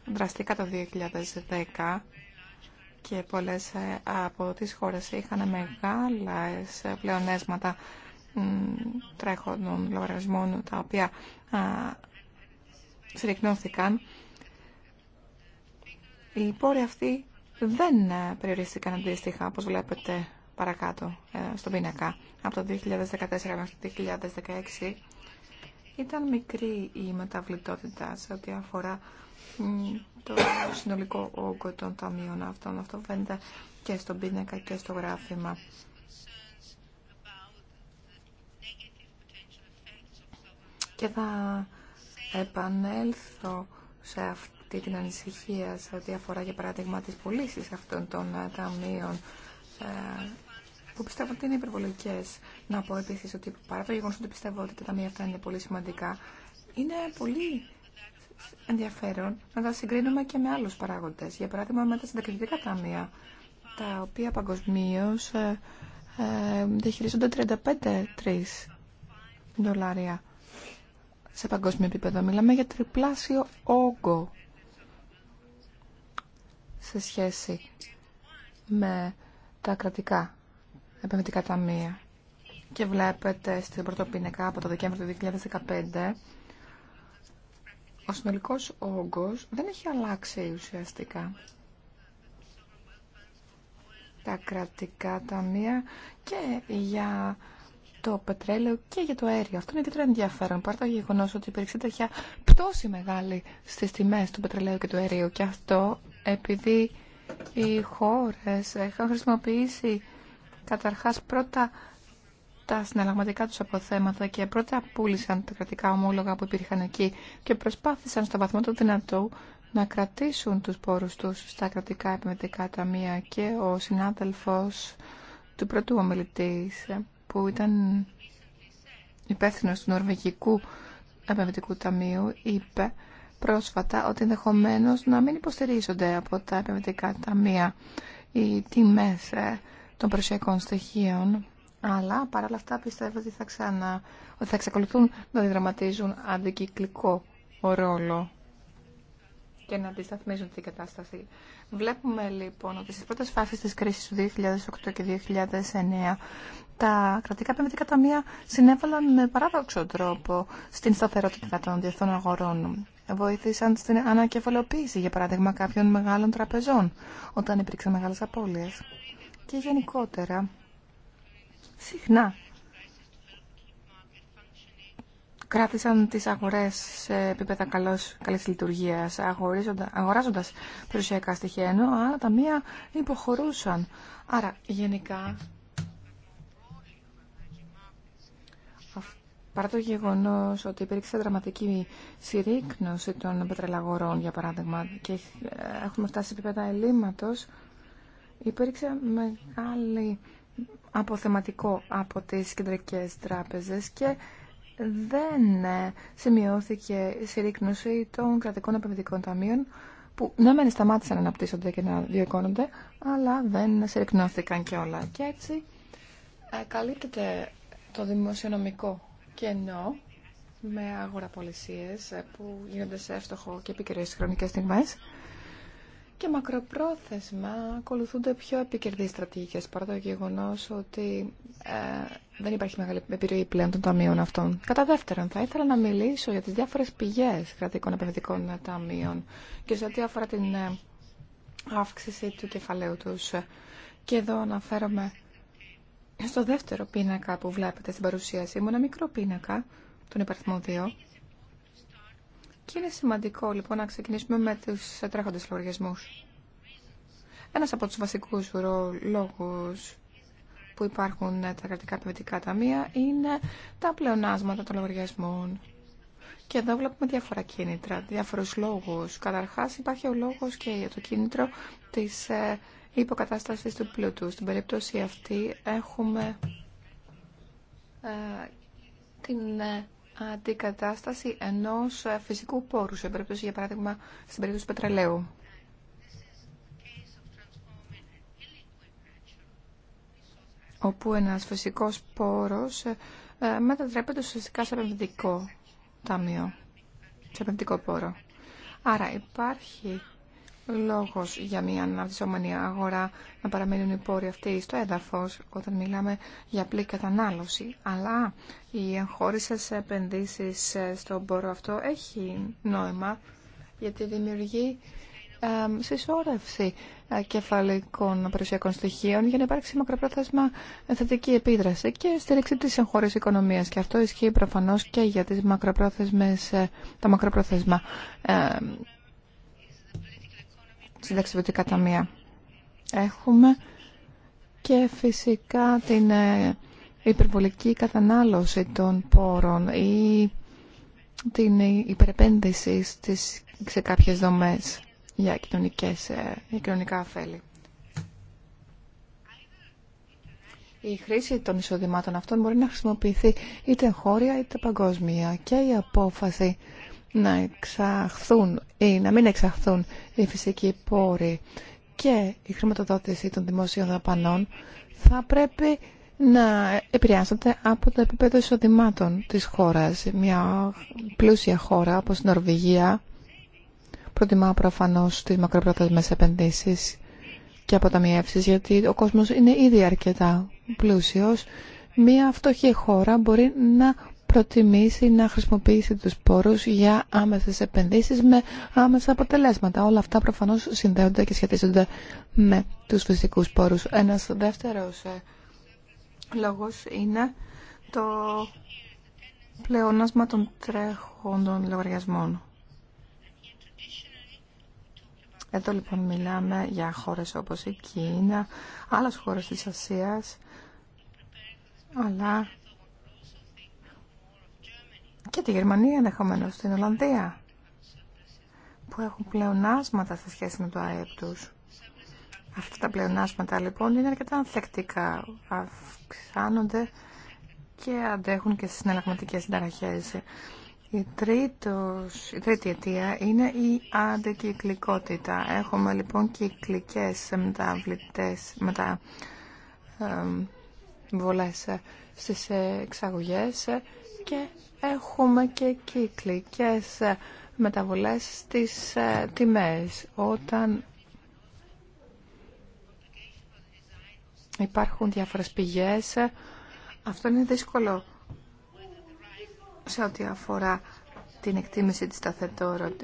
δραστικά το 2010, και πολλές ε, από τις χώρες είχαν μεγάλα ε, πλεονέσματα τρέχοντων λογαριασμών τα οποία συρρυκνώθηκαν. Οι πόροι αυτοί δεν ε, περιορίστηκαν αντίστοιχα, όπως βλέπετε παρακάτω στον πίνακα. Από το 2014 μέχρι το 2016 ήταν μικρή η μεταβλητότητα σε ό,τι αφορά το συνολικό όγκο των ταμείων αυτών. Αυτό φαίνεται και στον πίνακα και στο γράφημα. Και θα επανέλθω σε αυτή την ανησυχία σε ό,τι αφορά για παράδειγμα τις πωλήσει αυτών των ε, ταμείων ε, που πιστεύω ότι είναι υπερβολικές. Να πω επίσης ότι παρά το γεγονός ότι πιστεύω ότι τα ταμεία αυτά είναι πολύ σημαντικά, είναι πολύ ενδιαφέρον να τα συγκρίνουμε και με άλλους παράγοντες. Για παράδειγμα με τα συντακριτικά ταμεία, τα οποία παγκοσμίω ε, ε, διαχειρίζονται 35-3 δολάρια σε παγκόσμιο επίπεδο. Μιλάμε για τριπλάσιο όγκο σε σχέση με τα κρατικά επενδυτικά ταμεία. Και βλέπετε στην πρωτοπινέκα από το Δεκέμβριο του 2015 ο συνολικός όγκος δεν έχει αλλάξει ουσιαστικά. Τα κρατικά ταμεία και για το πετρέλαιο και για το αέριο. Αυτό είναι ιδιαίτερα ενδιαφέρον. Παρά το γεγονό ότι υπήρξε τέτοια πτώση μεγάλη στι τιμέ του πετρελαίου και του αερίου. Και αυτό επειδή οι χώρε είχαν χρησιμοποιήσει καταρχά πρώτα τα συναλλαγματικά τους αποθέματα και πρώτα πούλησαν τα κρατικά ομόλογα που υπήρχαν εκεί και προσπάθησαν στο βαθμό του δυνατού να κρατήσουν τους πόρους τους στα κρατικά επιμετικά ταμεία και ο συνάδελφος του πρώτου ομιλητή που ήταν υπεύθυνο του Νορβηγικού Επιμετικού Ταμείου είπε πρόσφατα ότι ενδεχομένω να μην υποστηρίζονται από τα επιμετικά ταμεία οι τιμές ε, των προσιακών στοιχείων αλλά παράλληλα αυτά πιστεύω ότι θα, ξανα, ότι θα εξακολουθούν να διδραματίζουν αντικυκλικό ρόλο και να αντισταθμίζουν την κατάσταση. Βλέπουμε λοιπόν ότι στις πρώτες φάσεις της κρίσης του 2008 και 2009 τα κρατικά επενδυτικά ταμεία συνέβαλαν με παράδοξο τρόπο στην σταθερότητα των διεθνών αγορών. Βοήθησαν στην ανακεφαλοποίηση, για παράδειγμα, κάποιων μεγάλων τραπεζών όταν υπήρξαν μεγάλες απώλειες. Και γενικότερα συχνά κράτησαν τις αγορές σε επίπεδα καλός, καλής λειτουργίας, αγοράζοντας περιουσιακά στοιχεία, ενώ αλλά τα μία υποχωρούσαν. Άρα, γενικά, παρά το γεγονός ότι υπήρξε δραματική συρρήκνωση των πετρελαγορών, για παράδειγμα, και ε, έχουμε φτάσει σε επίπεδα ελλείμματος, υπήρξε μεγάλη αποθεματικό από τις κεντρικές τράπεζες και δεν ε, σημειώθηκε συρρήκνωση των κρατικών επενδυτικών ταμείων που ναι μεν σταμάτησαν να αναπτύσσονται και να διοικώνονται αλλά δεν συρρήκνωθηκαν και όλα. Και έτσι ε, καλύπτεται το δημοσιονομικό κενό με αγοραπολισίες ε, που γίνονται σε εύστοχο και επικαιρές χρονικές στιγμές και μακροπρόθεσμα ακολουθούνται πιο επικερδείς στρατηγικές παρά το γεγονός ότι ε, δεν υπάρχει μεγάλη επιρροή πλέον των ταμείων αυτών. Κατά δεύτερον, θα ήθελα να μιλήσω για τις διάφορες πηγές κρατικών επενδυτικών ταμείων και σε ό,τι αφορά την ε, αύξηση του κεφαλαίου τους. Και εδώ αναφέρομαι στο δεύτερο πίνακα που βλέπετε στην παρουσίαση μου, ένα μικρό πίνακα, τον υπαριθμό 2, και είναι σημαντικό λοιπόν να ξεκινήσουμε με τους τρέχοντες λογαριασμούς. Ένας από τους βασικούς λόγους που υπάρχουν τα κρατικά επενδυτικά ταμεία είναι τα πλεονάσματα των λογαριασμών. Και εδώ βλέπουμε διάφορα κίνητρα, διάφορους λόγους. Καταρχάς υπάρχει ο λόγος και το κίνητρο της ε, υποκατάστασης του πλούτου. Στην περίπτωση αυτή έχουμε ε, την ε, αντικατάσταση ενός ε, φυσικού πόρου, σε περίπτωση, για παράδειγμα, στην περίπτωση του πετρελαίου. όπου ένας φυσικός πόρος ε, ε, μετατρέπεται ουσιαστικά σε επενδυτικό ταμείο, σε επενδυτικό πόρο. Άρα υπάρχει λόγος για μια αναπτυσσόμενη αγορά να παραμένουν οι πόροι αυτοί στο έδαφος όταν μιλάμε για απλή κατανάλωση. Αλλά οι εγχώρισες επενδύσεις στον πόρο αυτό έχει νόημα γιατί δημιουργεί ε, συσσόρευση κεφαλικών περιουσιακών στοιχείων για να υπάρξει μακροπρόθεσμα θετική επίδραση και στήριξη της εγχώρης οικονομίας. Και αυτό ισχύει προφανώς και για τις μακροπρόθεσμες, τα μακροπρόθεσμα ε, συνταξιδοτικά ταμεία. Έχουμε και φυσικά την ε, υπερβολική κατανάλωση των πόρων ή την ε, υπερπενδυση στις, σε κάποιες δομές για, κοινωνικές, ε, για κοινωνικά αφελη Η χρήση των εισοδημάτων αυτών μπορεί να χρησιμοποιηθεί είτε χώρια είτε παγκόσμια και η απόφαση να εξαχθούν ή να μην εξαχθούν οι φυσικοί πόροι και η χρηματοδότηση των δημόσιων δαπανών θα πρέπει να επηρεάζονται από το επίπεδο εισοδημάτων της χώρας. Μια πλούσια χώρα όπως η Νορβηγία προτιμά προφανώς τις μακροπρόθεσμες επενδύσεις και αποταμιεύσεις γιατί ο κόσμος είναι ήδη αρκετά πλούσιος. Μια φτωχή χώρα μπορεί να προτιμήσει να χρησιμοποιήσει τους πόρους για άμεσες επενδύσεις με άμεσα αποτελέσματα. Όλα αυτά προφανώς συνδέονται και σχετίζονται με τους φυσικούς πόρους. Ένας δεύτερος ε, λόγος είναι το πλεονάσμα των τρέχοντων λογαριασμών. Εδώ λοιπόν μιλάμε για χώρες όπως η Κίνα, άλλες χώρες της Ασίας, αλλά και τη Γερμανία ενδεχομένω, την Ολλανδία, που έχουν πλεονάσματα σε σχέση με το ΑΕΠ τους. Αυτά τα πλεονάσματα λοιπόν είναι αρκετά ανθεκτικά, αυξάνονται και αντέχουν και στι συναλλαγματικέ συνταραχέ. Η, τρίτος, η τρίτη αιτία είναι η αντικυκλικότητα. Έχουμε λοιπόν κυκλικές μεταβλητές, μετα, ε, βολές στις εξαγωγές και έχουμε και κυκλικές μεταβολές στις ε, τιμές. Όταν υπάρχουν διάφορες πηγές, ε, αυτό είναι δύσκολο σε ό,τι αφορά την εκτίμηση της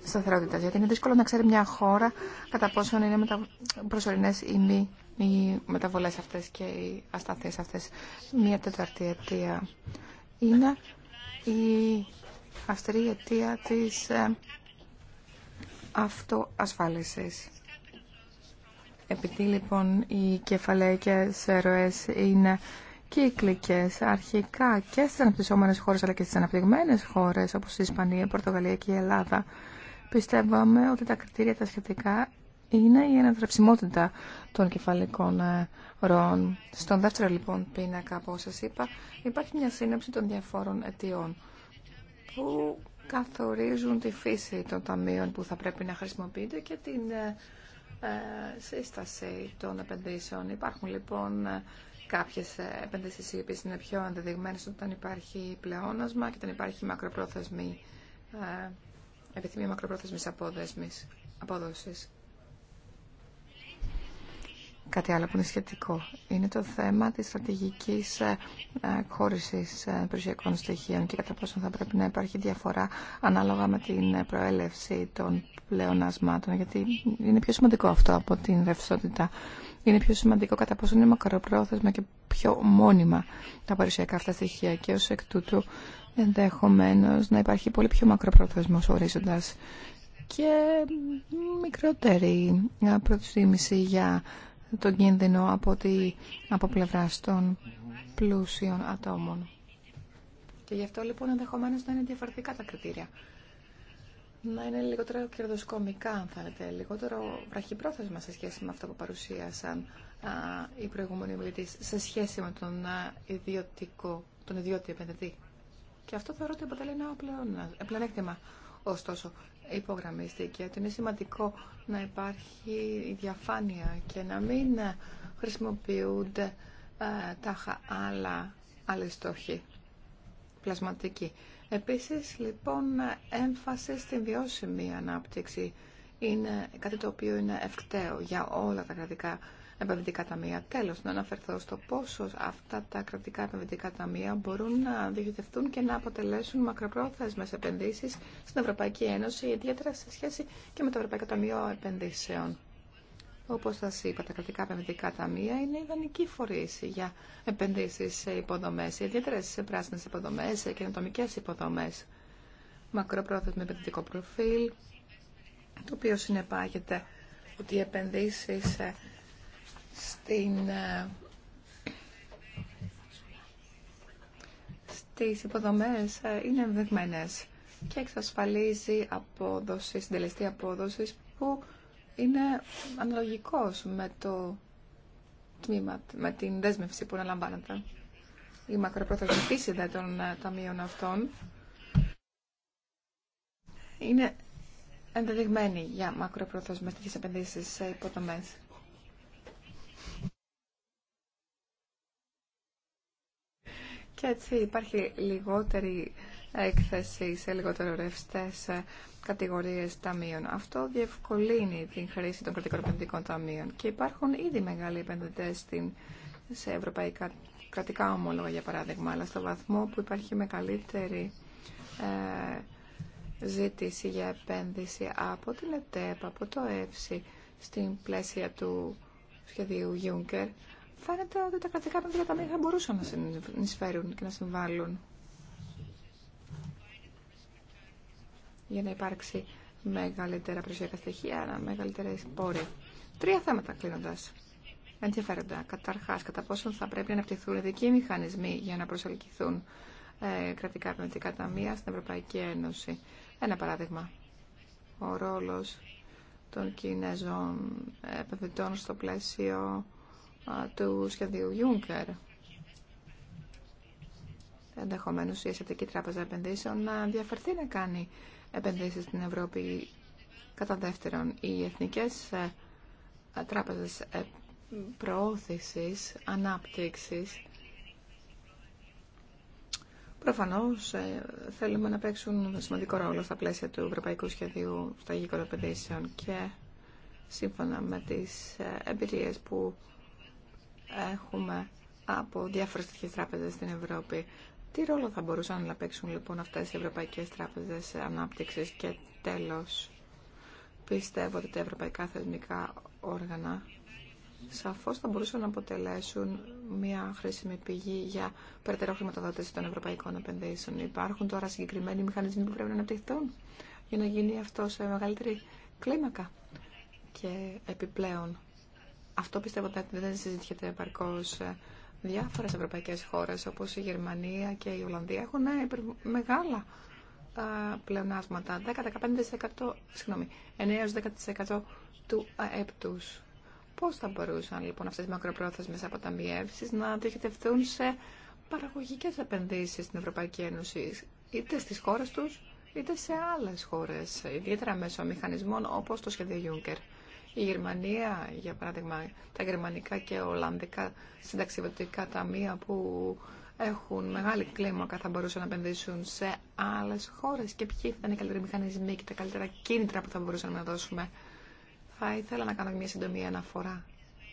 σταθερότητας, γιατί είναι δύσκολο να ξέρει μια χώρα κατά πόσον είναι μετα... προσωρινές ή μη οι μεταβολές αυτές και οι ασταθείς αυτές μία τεταρτή αιτία. Είναι η αυστηρή αιτία της ε, αυτοασφάλισης. Επειδή λοιπόν οι κεφαλαίκες ροές είναι κύκλικες αρχικά και στις αναπτυσσόμενες χώρες αλλά και στις αναπτυγμένες χώρες όπως η Ισπανία, η Πορτογαλία και η Ελλάδα, πιστεύαμε ότι τα κριτήρια τα σχετικά είναι η ανατρεψιμότητα των κεφαλικών ε, ροών. Στον δεύτερο λοιπόν πίνακα, όπως σας είπα, υπάρχει μια σύνοψη των διαφόρων αιτιών που καθορίζουν τη φύση των ταμείων που θα πρέπει να χρησιμοποιείται και την ε, ε, σύσταση των επενδύσεων. Υπάρχουν λοιπόν κάποιες επενδύσεις οι οποίες είναι πιο ενδεδειγμένες όταν υπάρχει πλεόνασμα και όταν υπάρχει μακροπρόθεσμη επιθυμία μακροπρόθεσμης απόδοσης. Κάτι άλλο που είναι σχετικό είναι το θέμα της στρατηγικής ε, χώρισης ε, περιουσιακών στοιχείων και κατά πόσο θα πρέπει να υπάρχει διαφορά ανάλογα με την προέλευση των πλεονασμάτων, γιατί είναι πιο σημαντικό αυτό από την ρευστότητα. Είναι πιο σημαντικό κατά πόσο είναι μακροπρόθεσμα και πιο μόνιμα τα περιουσιακά αυτά στοιχεία και ως εκ τούτου ενδεχομένω να υπάρχει πολύ πιο μακροπρόθεσμος ορίζοντας και μικρότερη ε, προτιμήση για τον κίνδυνο από, τη, από πλευράς των πλούσιων ατόμων. Και γι' αυτό λοιπόν ενδεχομένω να είναι διαφορετικά τα κριτήρια. Να είναι λιγότερο κερδοσκομικά, αν θέλετε, λιγότερο βραχυπρόθεσμα σε σχέση με αυτό που παρουσίασαν α, οι προηγούμενοι μιλητέ σε σχέση με τον α, ιδιωτικό, τον ιδιώτη επενδυτή. Και αυτό θεωρώ ότι αποτελεί ένα πλεονέκτημα. Ωστόσο, υπογραμμίστηκε ότι είναι σημαντικό να υπάρχει διαφάνεια και να μην χρησιμοποιούνται ε, τάχα άλλα, άλλη στόχοι πλασματικοί. Επίσης, λοιπόν, έμφαση στην βιώσιμη ανάπτυξη είναι κάτι το οποίο είναι ευκταίο για όλα τα κρατικά επενδυτικά ταμεία. Τέλος, να αναφερθώ στο πόσο αυτά τα κρατικά επενδυτικά ταμεία μπορούν να διοικητευτούν και να αποτελέσουν μακροπρόθεσμες επενδύσεις στην Ευρωπαϊκή Ένωση, ιδιαίτερα σε σχέση και με το Ευρωπαϊκό Ταμείο Επενδύσεων. Όπω σα είπα, τα κρατικά επενδυτικά ταμεία είναι ιδανική φορήση για επενδύσει σε υποδομέ, ιδιαίτερα σε πράσινε υποδομέ σε καινοτομικέ υποδομέ. Μακροπρόθεσμο επενδυτικό προφίλ, το οποίο συνεπάγεται ότι οι επενδύσει στην, ε, στις υποδομές ε, είναι ενδεδειγμένες και εξασφαλίζει απόδοση, συντελεστή απόδοση που είναι αναλογικός με το τμήμα, με την δέσμευση που αναλαμβάνεται. Η μακροπρόθεσμη φύση των ε, ταμείων αυτών είναι ενδεδειγμένη για μακροπρόθεσμες τέτοιες επενδύσεις σε υποδομές. και έτσι υπάρχει λιγότερη έκθεση σε λιγότερο ρευστέ κατηγορίε ταμείων. Αυτό διευκολύνει την χρήση των κρατικών επενδυτικών ταμείων και υπάρχουν ήδη μεγάλοι επενδυτέ σε ευρωπαϊκά κρατικά ομόλογα, για παράδειγμα, αλλά στο βαθμό που υπάρχει μεγαλύτερη ε, ζήτηση για επένδυση από την ΕΤΕΠ, από το ΕΦΣΙ, στην πλαίσια του σχεδίου Juncker, φαίνεται ότι τα κρατικά μέτρα τα θα μπορούσαν να συνεισφέρουν και να συμβάλλουν για να υπάρξει μεγαλύτερα προσιακά στοιχεία, μεγαλύτερε πόρη. Τρία θέματα κλείνοντα. Ενδιαφέροντα. Καταρχά, κατά πόσον θα πρέπει να αναπτυχθούν ειδικοί μηχανισμοί για να προσελκυθούν ε, κρατικά επενδυτικά ταμεία στην Ευρωπαϊκή Ένωση. Ένα παράδειγμα. Ο ρόλο των Κινέζων ε, επενδυτών στο πλαίσιο του σχεδίου Juncker. Ενδεχομένω η Ασιατική Τράπεζα Επενδύσεων να διαφερθεί να κάνει επενδύσει στην Ευρώπη. Κατά δεύτερον, οι εθνικές ε, τράπεζες ε, προώθηση, ανάπτυξης, Προφανώς ε, θέλουμε να παίξουν σημαντικό ρόλο στα πλαίσια του Ευρωπαϊκού Σχεδίου Σταγικών Επενδύσεων και σύμφωνα με τις εμπειρίες που έχουμε από διάφορες τέτοιες τράπεζες στην Ευρώπη. Τι ρόλο θα μπορούσαν να παίξουν λοιπόν αυτές οι Ευρωπαϊκές Τράπεζες Ανάπτυξης και τέλος πιστεύω ότι τα ευρωπαϊκά θεσμικά όργανα σαφώς θα μπορούσαν να αποτελέσουν μια χρήσιμη πηγή για περαιτέρω χρηματοδότηση των ευρωπαϊκών επενδύσεων. Υπάρχουν τώρα συγκεκριμένοι μηχανισμοί που πρέπει να αναπτυχθούν για να γίνει αυτό σε μεγαλύτερη κλίμακα και επιπλέον αυτό πιστεύω ότι δεν συζητιέται επαρκώ. Διάφορε ευρωπαϊκέ χώρε όπω η Γερμανία και η Ολλανδία έχουν μεγάλα πλεονάσματα. 10-15%, συγγνώμη, 9-10% του ΑΕΠ του. Πώ θα μπορούσαν λοιπόν αυτέ οι μακροπρόθεσμε αποταμιεύσει να διοικητευτούν σε παραγωγικέ επενδύσει στην Ευρωπαϊκή Ένωση, είτε στι χώρε του, είτε σε άλλε χώρε, ιδιαίτερα μέσω μηχανισμών όπω το σχέδιο Juncker. Η Γερμανία, για παράδειγμα, τα γερμανικά και ολλανδικά συνταξιδοτικά ταμεία που έχουν μεγάλη κλίμακα θα μπορούσαν να επενδύσουν σε άλλε χώρε και ποιοι θα είναι οι καλύτεροι μηχανισμοί και τα καλύτερα κίνητρα που θα μπορούσαμε να δώσουμε. Θα ήθελα να κάνω μια συντομή αναφορά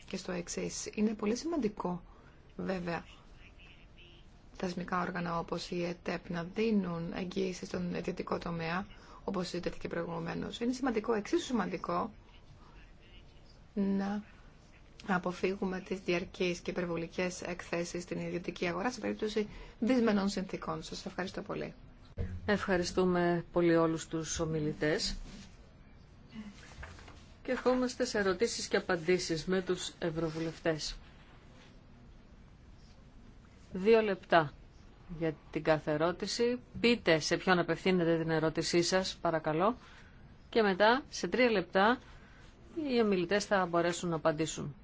και στο εξή. Είναι πολύ σημαντικό, βέβαια, θεσμικά όργανα όπω η ΕΤΕΠ να δίνουν εγγύηση στον ιδιωτικό τομέα, όπω και προηγουμένω. Είναι σημαντικό, εξίσου σημαντικό, να αποφύγουμε τις διαρκείς και υπερβολικές εκθέσεις στην ιδιωτική αγορά σε περίπτωση δυσμενών συνθήκων. Σας ευχαριστώ πολύ. Ευχαριστούμε πολύ όλους τους ομιλητές. Και ερχόμαστε σε ερωτήσεις και απαντήσεις με τους ευρωβουλευτές. Δύο λεπτά για την κάθε ερώτηση. Πείτε σε ποιον απευθύνετε την ερώτησή σας, παρακαλώ. Και μετά, σε τρία λεπτά, οι ομιλητές θα μπορέσουν να απαντήσουν.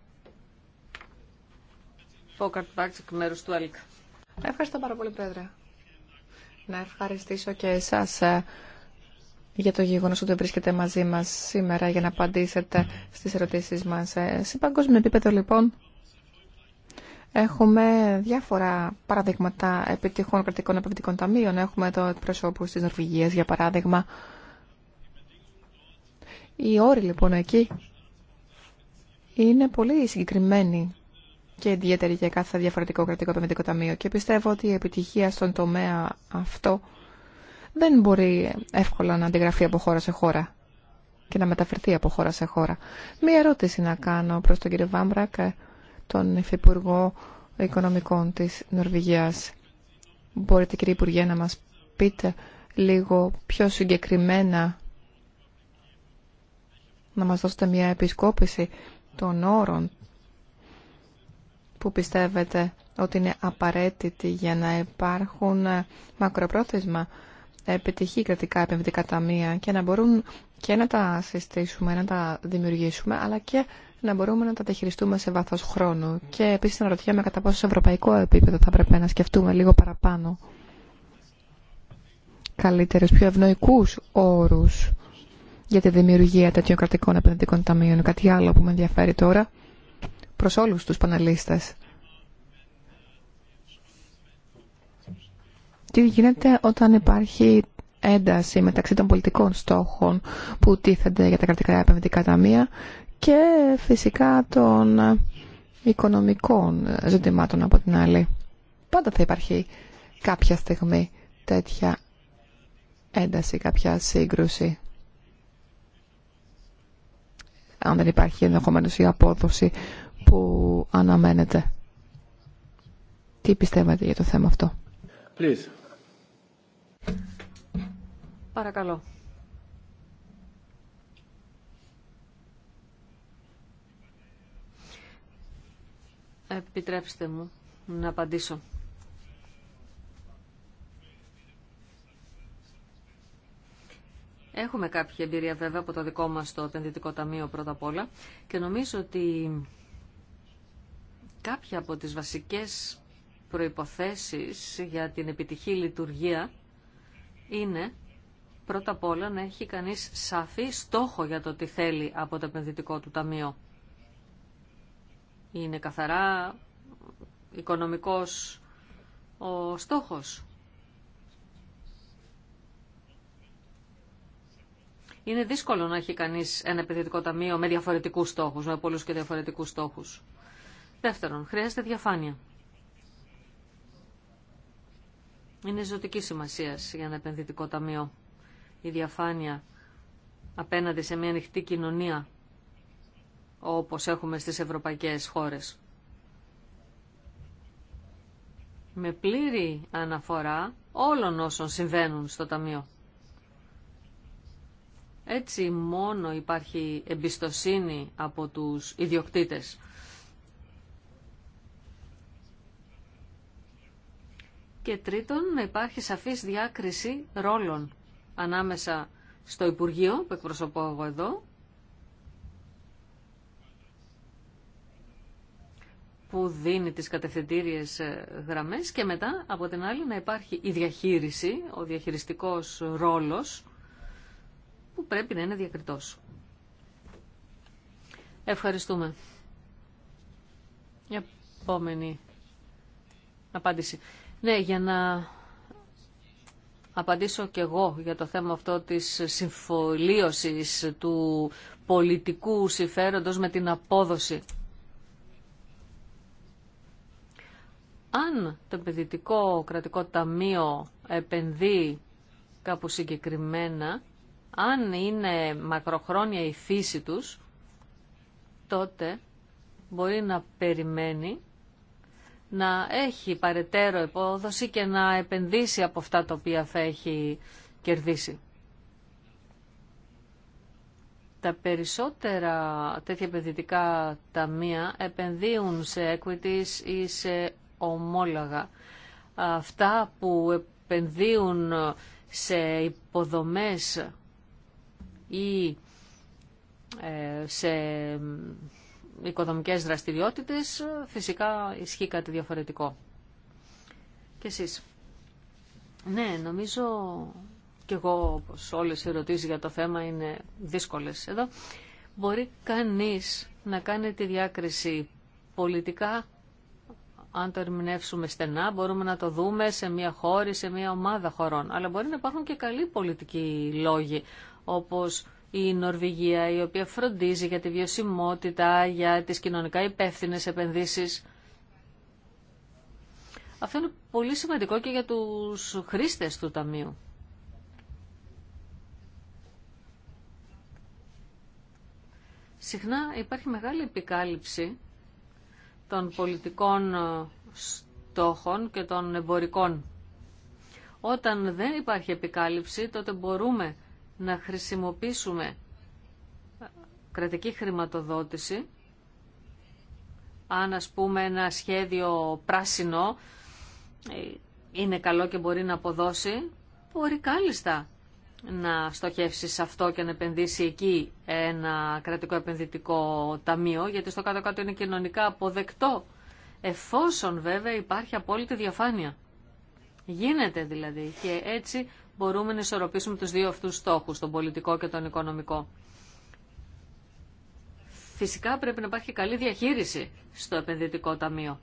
μέρος του Ευχαριστώ πάρα πολύ, Πρόεδρε. Να ευχαριστήσω και εσάς ε, για το γεγονός ότι βρίσκεται μαζί μας σήμερα για να απαντήσετε στις ερωτήσεις μας. Ε, σε παγκόσμιο επίπεδο, λοιπόν, Έχουμε διάφορα παραδείγματα επιτυχών κρατικών επενδυτικών ταμείων. Έχουμε εδώ εκπροσώπους της Νορβηγίας, για παράδειγμα, οι όροι λοιπόν εκεί είναι πολύ συγκεκριμένοι και ιδιαίτερη για κάθε διαφορετικό κρατικό επενδυτικό ταμείο και πιστεύω ότι η επιτυχία στον τομέα αυτό δεν μπορεί εύκολα να αντιγραφεί από χώρα σε χώρα και να μεταφερθεί από χώρα σε χώρα. Μία ερώτηση να κάνω προς τον κύριο Βάμπρακ, τον Υφυπουργό Οικονομικών της Νορβηγίας. Μπορείτε κύριε Υπουργέ να μας πείτε λίγο πιο συγκεκριμένα να μας δώσετε μια επισκόπηση των όρων που πιστεύετε ότι είναι απαραίτητοι για να υπάρχουν μακροπρόθεσμα επιτυχή κρατικά επενδυτικά ταμεία και να μπορούν και να τα συστήσουμε, να τα δημιουργήσουμε, αλλά και να μπορούμε να τα διαχειριστούμε σε βάθος χρόνου. Και επίσης να ρωτιέμαι κατά πόσο σε ευρωπαϊκό επίπεδο θα πρέπει να σκεφτούμε λίγο παραπάνω καλύτερους, πιο ευνοϊκούς όρους για τη δημιουργία τέτοιων κρατικών επενδυτικών ταμείων. Κάτι άλλο που με ενδιαφέρει τώρα προς όλους τους πανελίστες. Τι γίνεται όταν υπάρχει ένταση μεταξύ των πολιτικών στόχων που τίθενται για τα κρατικά επενδυτικά ταμεία και φυσικά των οικονομικών ζητημάτων από την άλλη. Πάντα θα υπάρχει κάποια στιγμή τέτοια ένταση, κάποια σύγκρουση αν δεν υπάρχει ενδεχομένω η απόδοση που αναμένεται. Τι πιστεύετε για το θέμα αυτό. Please. Παρακαλώ. Επιτρέψτε μου να απαντήσω. Έχουμε κάποια εμπειρία βέβαια από το δικό μας το επενδυτικό ταμείο πρώτα απ' όλα και νομίζω ότι κάποια από τις βασικές προϋποθέσεις για την επιτυχή λειτουργία είναι πρώτα απ' όλα να έχει κανείς σαφή στόχο για το τι θέλει από το επενδυτικό του ταμείο. Είναι καθαρά οικονομικός ο στόχος Είναι δύσκολο να έχει κανείς ένα επενδυτικό ταμείο με διαφορετικούς στόχους, με πολλούς και διαφορετικούς στόχους. Δεύτερον, χρειάζεται διαφάνεια. Είναι ζωτική σημασία για ένα επενδυτικό ταμείο. Η διαφάνεια απέναντι σε μια ανοιχτή κοινωνία, όπως έχουμε στις ευρωπαϊκές χώρες. Με πλήρη αναφορά όλων όσων συμβαίνουν στο Ταμείο. Έτσι μόνο υπάρχει εμπιστοσύνη από τους ιδιοκτήτες. Και τρίτον, να υπάρχει σαφής διάκριση ρόλων ανάμεσα στο Υπουργείο που εκπροσωπώ εγώ εδώ, που δίνει τις κατευθυντήριες ε, γραμμές και μετά από την άλλη να υπάρχει η διαχείριση, ο διαχειριστικός ρόλος που πρέπει να είναι διακριτός. Ευχαριστούμε. Η επόμενη απάντηση. Ναι, για να απαντήσω και εγώ για το θέμα αυτό της συμφωλίωσης του πολιτικού συμφέροντος με την απόδοση. Αν το επενδυτικό κρατικό ταμείο επενδύει κάπου συγκεκριμένα, αν είναι μακροχρόνια η φύση τους, τότε μπορεί να περιμένει να έχει παρετέρω υπόδοση και να επενδύσει από αυτά τα οποία θα έχει κερδίσει. Τα περισσότερα τέτοια επενδυτικά ταμεία επενδύουν σε equities ή σε ομόλογα. Αυτά που επενδύουν σε υποδομές ή ε, σε οικοδομικές δραστηριότητες, φυσικά ισχύει κάτι διαφορετικό. Και εσείς. Ναι, νομίζω και εγώ όπως όλες οι ερωτήσεις για το θέμα είναι δύσκολες εδώ. Μπορεί κανείς να κάνει τη διάκριση πολιτικά, αν το ερμηνεύσουμε στενά, μπορούμε να το δούμε σε μια χώρα, σε μια ομάδα χωρών. Αλλά μπορεί να υπάρχουν και καλοί πολιτικοί λόγοι όπως η Νορβηγία, η οποία φροντίζει για τη βιωσιμότητα, για τις κοινωνικά υπεύθυνες επενδύσεις. Αυτό είναι πολύ σημαντικό και για τους χρήστες του Ταμείου. Συχνά υπάρχει μεγάλη επικάλυψη των πολιτικών στόχων και των εμπορικών. Όταν δεν υπάρχει επικάλυψη, τότε μπορούμε να χρησιμοποιήσουμε κρατική χρηματοδότηση, αν ας πούμε ένα σχέδιο πράσινο είναι καλό και μπορεί να αποδώσει, μπορεί κάλλιστα να στοχεύσει σε αυτό και να επενδύσει εκεί ένα κρατικό επενδυτικό ταμείο, γιατί στο κάτω-κάτω είναι κοινωνικά αποδεκτό, εφόσον βέβαια υπάρχει απόλυτη διαφάνεια. Γίνεται δηλαδή και έτσι μπορούμε να ισορροπήσουμε τους δύο αυτούς στόχους, τον πολιτικό και τον οικονομικό. Φυσικά πρέπει να υπάρχει καλή διαχείριση στο επενδυτικό ταμείο.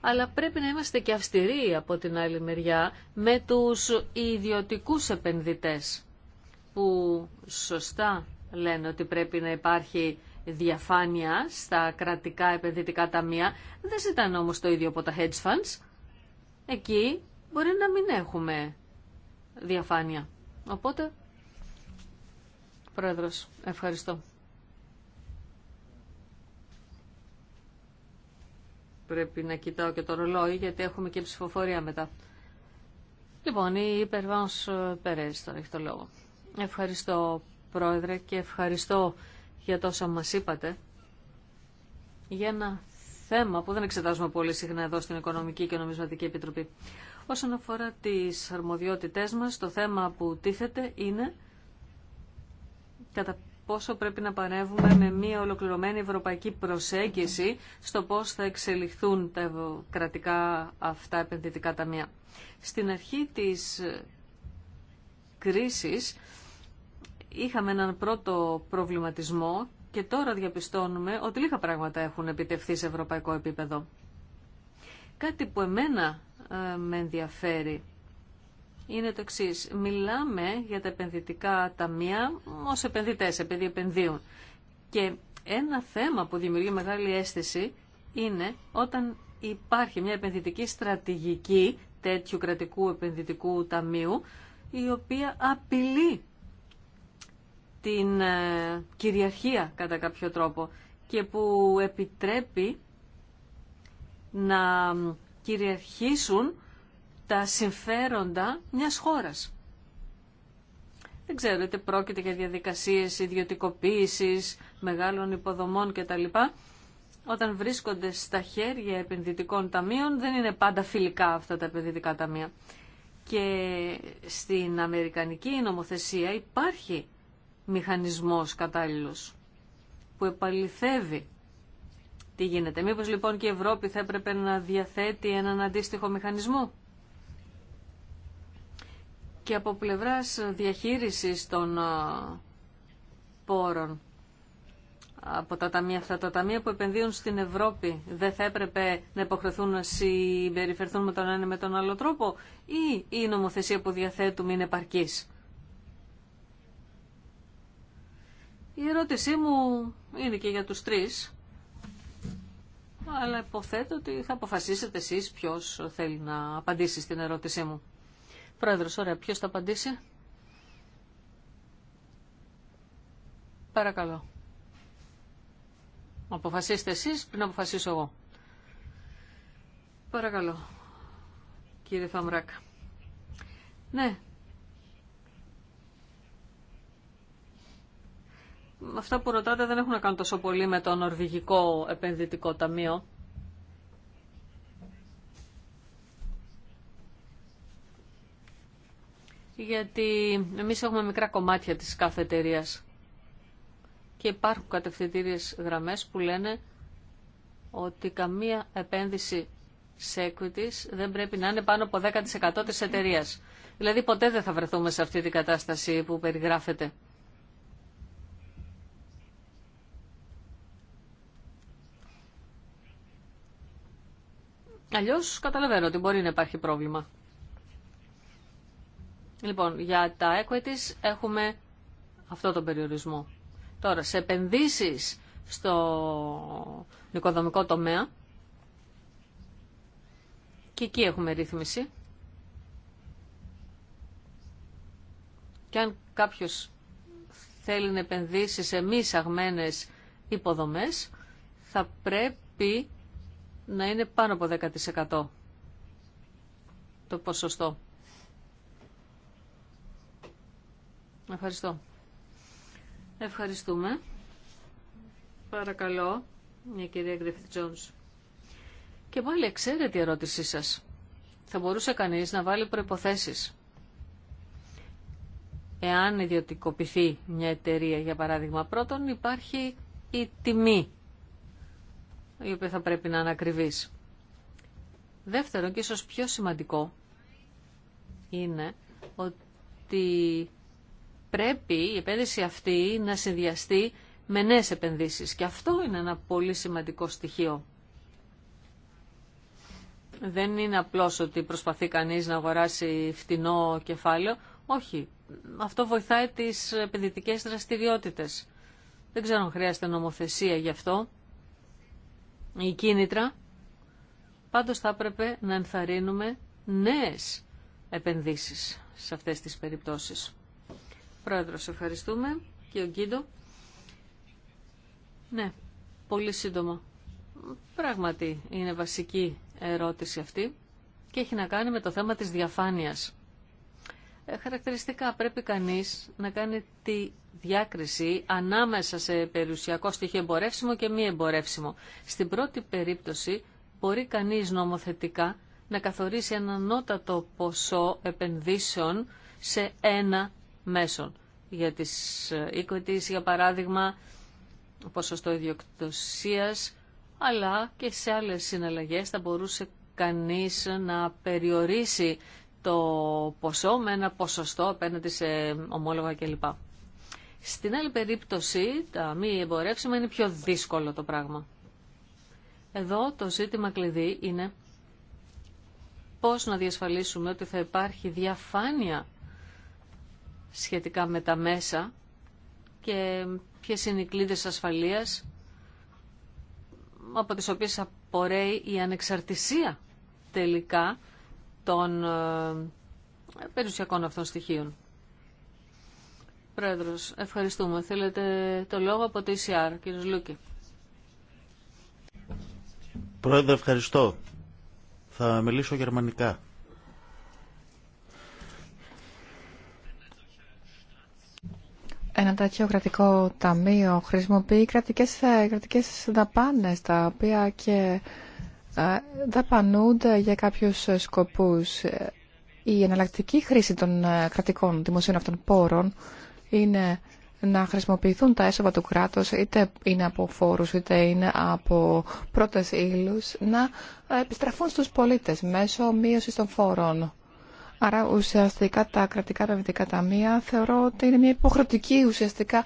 Αλλά πρέπει να είμαστε και αυστηροί από την άλλη μεριά με τους ιδιωτικούς επενδυτές που σωστά λένε ότι πρέπει να υπάρχει διαφάνεια στα κρατικά επενδυτικά ταμεία. Δεν ζητάνε όμως το ίδιο από τα hedge funds. Εκεί μπορεί να μην έχουμε διαφάνεια. Οπότε, Πρόεδρος, ευχαριστώ. Πρέπει να κοιτάω και το ρολόι γιατί έχουμε και ψηφοφορία μετά. Λοιπόν, η υπερβάνος ε, Περέζη τώρα έχει το λόγο. Ευχαριστώ Πρόεδρε και ευχαριστώ για τόσα μας είπατε για ένα θέμα που δεν εξετάζουμε πολύ συχνά εδώ στην Οικονομική και Νομισματική Επιτροπή. Όσον αφορά τις αρμοδιότητές μας, το θέμα που τίθεται είναι κατά πόσο πρέπει να παρεύουμε με μια ολοκληρωμένη ευρωπαϊκή προσέγγιση στο πώς θα εξελιχθούν τα κρατικά αυτά επενδυτικά ταμεία. Στην αρχή της κρίσης είχαμε έναν πρώτο προβληματισμό και τώρα διαπιστώνουμε ότι λίγα πράγματα έχουν επιτευχθεί σε ευρωπαϊκό επίπεδο. Κάτι που εμένα ε, με ενδιαφέρει είναι το εξή. Μιλάμε για τα επενδυτικά ταμεία ω επενδυτέ, επειδή επενδύουν. Και ένα θέμα που δημιουργεί μεγάλη αίσθηση είναι όταν υπάρχει μια επενδυτική στρατηγική τέτοιου κρατικού επενδυτικού ταμείου, η οποία απειλεί την ε, κυριαρχία κατά κάποιο τρόπο και που επιτρέπει να κυριαρχήσουν τα συμφέροντα μιας χώρας. Δεν ξέρω είτε πρόκειται για διαδικασίες ιδιωτικοποίησης μεγάλων υποδομών κτλ. Όταν βρίσκονται στα χέρια επενδυτικών ταμείων δεν είναι πάντα φιλικά αυτά τα επενδυτικά ταμεία. Και στην Αμερικανική νομοθεσία υπάρχει μηχανισμός κατάλληλος που επαληθεύει τι γίνεται. Μήπως λοιπόν και η Ευρώπη θα έπρεπε να διαθέτει έναν αντίστοιχο μηχανισμό. Και από πλευράς διαχείρισης των πόρων, από τα ταμεία αυτά, τα ταμεία που επενδύουν στην Ευρώπη δεν θα έπρεπε να υποχρεθούν να συμπεριφερθούν με τον ένα με τον άλλο τρόπο ή η νομοθεσία που διαθέτουμε είναι παρκής. Η ερώτησή μου είναι και για τους τρεις αλλά υποθέτω ότι θα αποφασίσετε εσείς ποιος θέλει να απαντήσει στην ερώτησή μου. Πρόεδρος, ωραία, ποιος θα απαντήσει. Παρακαλώ. Αποφασίστε εσείς πριν αποφασίσω εγώ. Παρακαλώ, κύριε Φαμράκ. Ναι, αυτά που ρωτάτε δεν έχουν να κάνουν τόσο πολύ με το Νορβηγικό Επενδυτικό Ταμείο. Γιατί εμείς έχουμε μικρά κομμάτια της κάθε εταιρεία. Και υπάρχουν κατευθυντήριες γραμμές που λένε ότι καμία επένδυση σε equities δεν πρέπει να είναι πάνω από 10% της εταιρεία. Δηλαδή ποτέ δεν θα βρεθούμε σε αυτή την κατάσταση που περιγράφεται. Αλλιώ καταλαβαίνω ότι μπορεί να υπάρχει πρόβλημα. Λοιπόν, για τα equities έχουμε αυτό τον περιορισμό. Τώρα, σε επενδύσεις στο νοικοδομικό τομέα, και εκεί έχουμε ρύθμιση. Και αν κάποιος θέλει να επενδύσει σε μη σαγμένες υποδομές, θα πρέπει να είναι πάνω από 10% το ποσοστό. Ευχαριστώ. Ευχαριστούμε. Παρακαλώ, μια κυρία Γκρίφιτ Τζόνς. Και πάλι εξαίρετη ερώτησή σας. Θα μπορούσε κανείς να βάλει προϋποθέσεις. Εάν ιδιωτικοποιηθεί μια εταιρεία, για παράδειγμα, πρώτον υπάρχει η τιμή η οποία θα πρέπει να ανακριβείς. Δεύτερο και ίσως πιο σημαντικό είναι ότι πρέπει η επένδυση αυτή να συνδυαστεί με νέες επενδύσεις και αυτό είναι ένα πολύ σημαντικό στοιχείο. Δεν είναι απλώς ότι προσπαθεί κανείς να αγοράσει φτηνό κεφάλαιο. Όχι. Αυτό βοηθάει τις επενδυτικές δραστηριότητες. Δεν ξέρω αν χρειάζεται νομοθεσία γι' αυτό ή κίνητρα, πάντως θα έπρεπε να ενθαρρύνουμε νέες επενδύσεις σε αυτές τις περιπτώσεις. Πρόεδρος, ευχαριστούμε και ο Κίντο. Ναι, πολύ σύντομα. Πράγματι είναι βασική ερώτηση αυτή και έχει να κάνει με το θέμα της διαφάνειας χαρακτηριστικά. Πρέπει κανείς να κάνει τη διάκριση ανάμεσα σε περιουσιακό στοιχείο εμπορεύσιμο και μη εμπορεύσιμο. Στην πρώτη περίπτωση μπορεί κανείς νομοθετικά να καθορίσει ένα το ποσό επενδύσεων σε ένα μέσο. Για τις equities, για παράδειγμα, ποσοστό ιδιοκτησία, αλλά και σε άλλες συναλλαγές θα μπορούσε κανείς να περιορίσει το ποσό με ένα ποσοστό απέναντι σε ομόλογα κλπ. Στην άλλη περίπτωση, τα μη εμπορεύσιμα είναι πιο δύσκολο το πράγμα. Εδώ το ζήτημα κλειδί είναι πώς να διασφαλίσουμε ότι θα υπάρχει διαφάνεια σχετικά με τα μέσα και ποιες είναι οι κλείδες ασφαλείας από τις οποίες απορρέει η ανεξαρτησία τελικά των ε, περιουσιακών αυτών στοιχείων. Πρόεδρος, ευχαριστούμε. Θέλετε το λόγο από το ECR, Λούκη. Πρόεδρε, ευχαριστώ. Θα μιλήσω γερμανικά. Ένα τέτοιο κρατικό ταμείο χρησιμοποιεί κρατικές, ε, κρατικές δαπάνες, τα οποία και δαπανούνται για κάποιους σκοπούς. Η εναλλακτική χρήση των ε, κρατικών δημοσίων αυτών πόρων είναι να χρησιμοποιηθούν τα έσοδα του κράτους, είτε είναι από φόρους, είτε είναι από πρώτες ύλους, να επιστραφούν στους πολίτες μέσω μείωσης των φόρων. Άρα ουσιαστικά τα κρατικά επενδυτικά ταμεία θεωρώ ότι είναι μια υποχρεωτική ουσιαστικά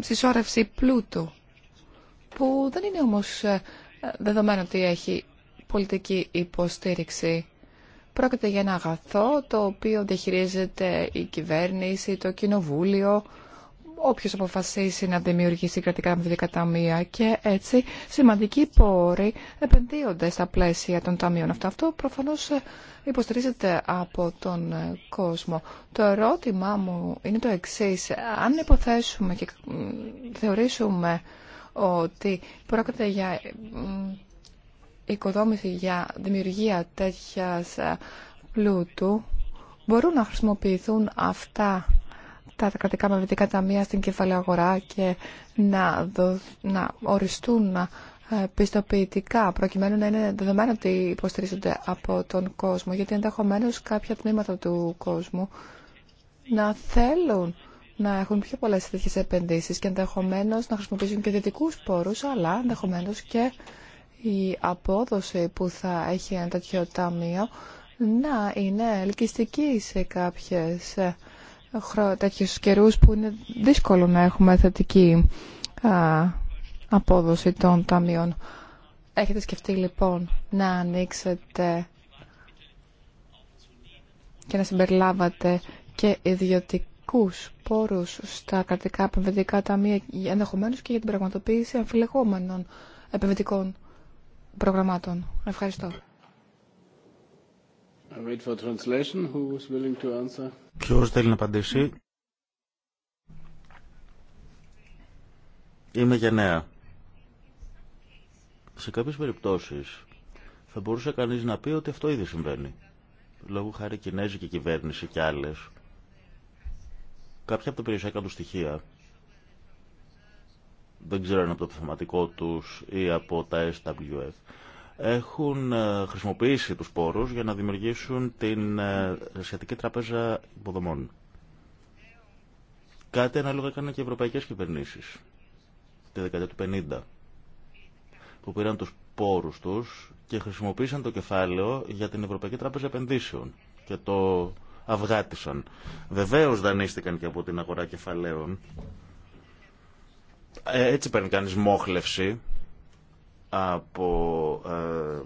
συσσόρευση πλούτου που δεν είναι όμως ε, ε, δεδομένο ότι έχει πολιτική υποστήριξη. Πρόκειται για ένα αγαθό το οποίο διαχειρίζεται η κυβέρνηση, το κοινοβούλιο, όποιος αποφασίσει να δημιουργήσει κρατικά μυθικά ταμεία και έτσι σημαντικοί πόροι επενδύονται στα πλαίσια των ταμείων. Αυτό, αυτό προφανώς ε, υποστηρίζεται από τον κόσμο. Το ερώτημά μου είναι το εξής. Αν υποθέσουμε και θεωρήσουμε ότι πρόκειται για οικοδόμηση για δημιουργία τέτοια ε, πλούτου, μπορούν να χρησιμοποιηθούν αυτά τα κρατικά τα ταμεία στην κεφαλαία αγορά και να, δο, να οριστούν ε, πιστοποιητικά προκειμένου να είναι δεδομένο ότι υποστηρίζονται από τον κόσμο γιατί ενδεχομένω κάποια τμήματα του κόσμου να θέλουν να έχουν πιο πολλέ τέτοιε επενδύσει και ενδεχομένω να χρησιμοποιήσουν και δυτικού πόρου, αλλά ενδεχομένω και η απόδοση που θα έχει ένα τέτοιο ταμείο να είναι ελκυστική σε κάποιες ε, τέτοιου καιρού που είναι δύσκολο να έχουμε θετική απόδοση των ταμείων. Έχετε σκεφτεί λοιπόν να ανοίξετε και να συμπεριλάβατε και ιδιωτικά επαρκούς πόρου στα κρατικά επενδυτικά ταμεία ενδεχομένω και για την πραγματοποίηση αμφιλεγόμενων επενδυτικών προγραμμάτων. Ευχαριστώ. Ποιο θέλει να απαντήσει. Είμαι γενναία. Σε κάποιες περιπτώσεις θα μπορούσε κανείς να πει ότι αυτό ήδη συμβαίνει. Λόγω χάρη Κινέζικη κυβέρνηση και άλλες Κάποια από τα περιουσιακά του στοιχεία δεν ξέρω αν από το θεματικό τους ή από τα SWF, έχουν ε, χρησιμοποιήσει τους πόρους για να δημιουργήσουν την ε, Ασιατική Τράπεζα Υποδομών. Κάτι ανάλογα έκανε και οι ευρωπαϊκές κυβερνήσεις τη δεκαετία του 50, που πήραν τους πόρους τους και χρησιμοποίησαν το κεφάλαιο για την Ευρωπαϊκή Τράπεζα Επενδύσεων και το αυγάτισαν. Βεβαίως δανείστηκαν και από την αγορά κεφαλαίων. Ε, έτσι παίρνει κανείς μόχλευση από ε,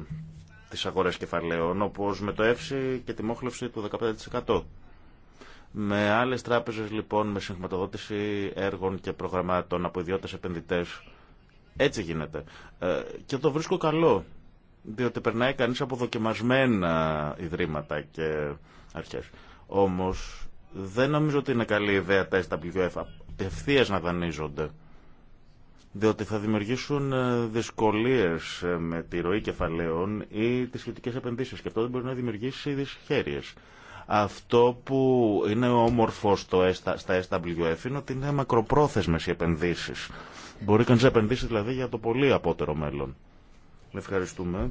τις αγορές κεφαλαίων, όπως με το ΕΦΣΙ και τη μόχλευση του 15%. Με άλλες τράπεζες λοιπόν, με συγχρηματοδότηση έργων και προγραμμάτων από ιδιώτες επενδυτές, έτσι γίνεται. Ε, και το βρίσκω καλό, διότι περνάει κανείς από δοκιμασμένα ιδρύματα και αρχές. Όμω, δεν νομίζω ότι είναι καλή ιδέα τα SWF ευθεία να δανείζονται. Διότι θα δημιουργήσουν ε, δυσκολίε ε, με τη ροή κεφαλαίων ή τις σχετικέ επενδύσεις και αυτό δεν μπορεί να δημιουργήσει δυσχέρειε. Αυτό που είναι όμορφο στο, στα SWF είναι ότι είναι μακροπρόθεσμε οι επενδύσεις. Μπορεί κανεί να επενδύσει δηλαδή για το πολύ απότερο μέλλον. Ευχαριστούμε.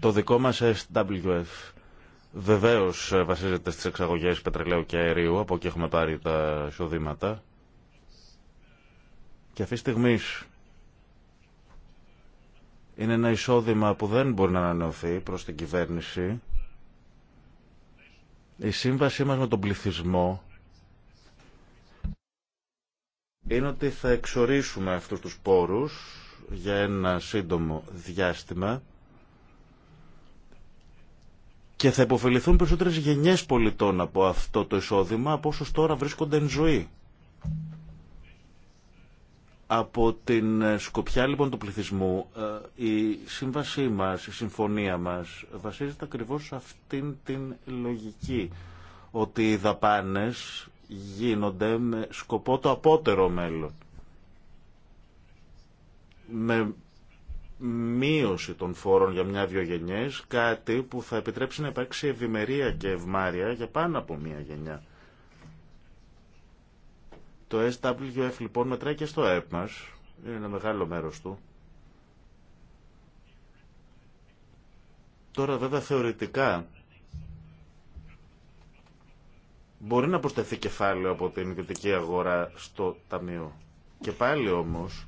Το δικό μας SWF βεβαίως ε, βασίζεται στις εξαγωγές πετρελαίου και αερίου, από εκεί έχουμε πάρει τα εισοδήματα. Και αυτή τη στιγμή είναι ένα εισόδημα που δεν μπορεί να ανανεωθεί προς την κυβέρνηση. Η σύμβασή μας με τον πληθυσμό είναι ότι θα εξορίσουμε αυτού τους πόρους για ένα σύντομο διάστημα και θα υποφεληθούν περισσότερες γενιές πολιτών από αυτό το εισόδημα από όσους τώρα βρίσκονται εν ζωή. Από την σκοπιά λοιπόν του πληθυσμού ε, η σύμβασή μας, η συμφωνία μας βασίζεται ακριβώς σε αυτήν την λογική ότι οι δαπάνες γίνονται με σκοπό το απότερο μέλλον με μείωση των φόρων για μια-δυο γενιές, κάτι που θα επιτρέψει να υπάρξει ευημερία και ευμάρεια για πάνω από μια γενιά. Το SWF λοιπόν μετράει και στο ΕΠ μας, είναι ένα μεγάλο μέρος του. Τώρα βέβαια θεωρητικά μπορεί να προσθεθεί κεφάλαιο από την ιδιωτική αγορά στο Ταμείο. Και πάλι όμως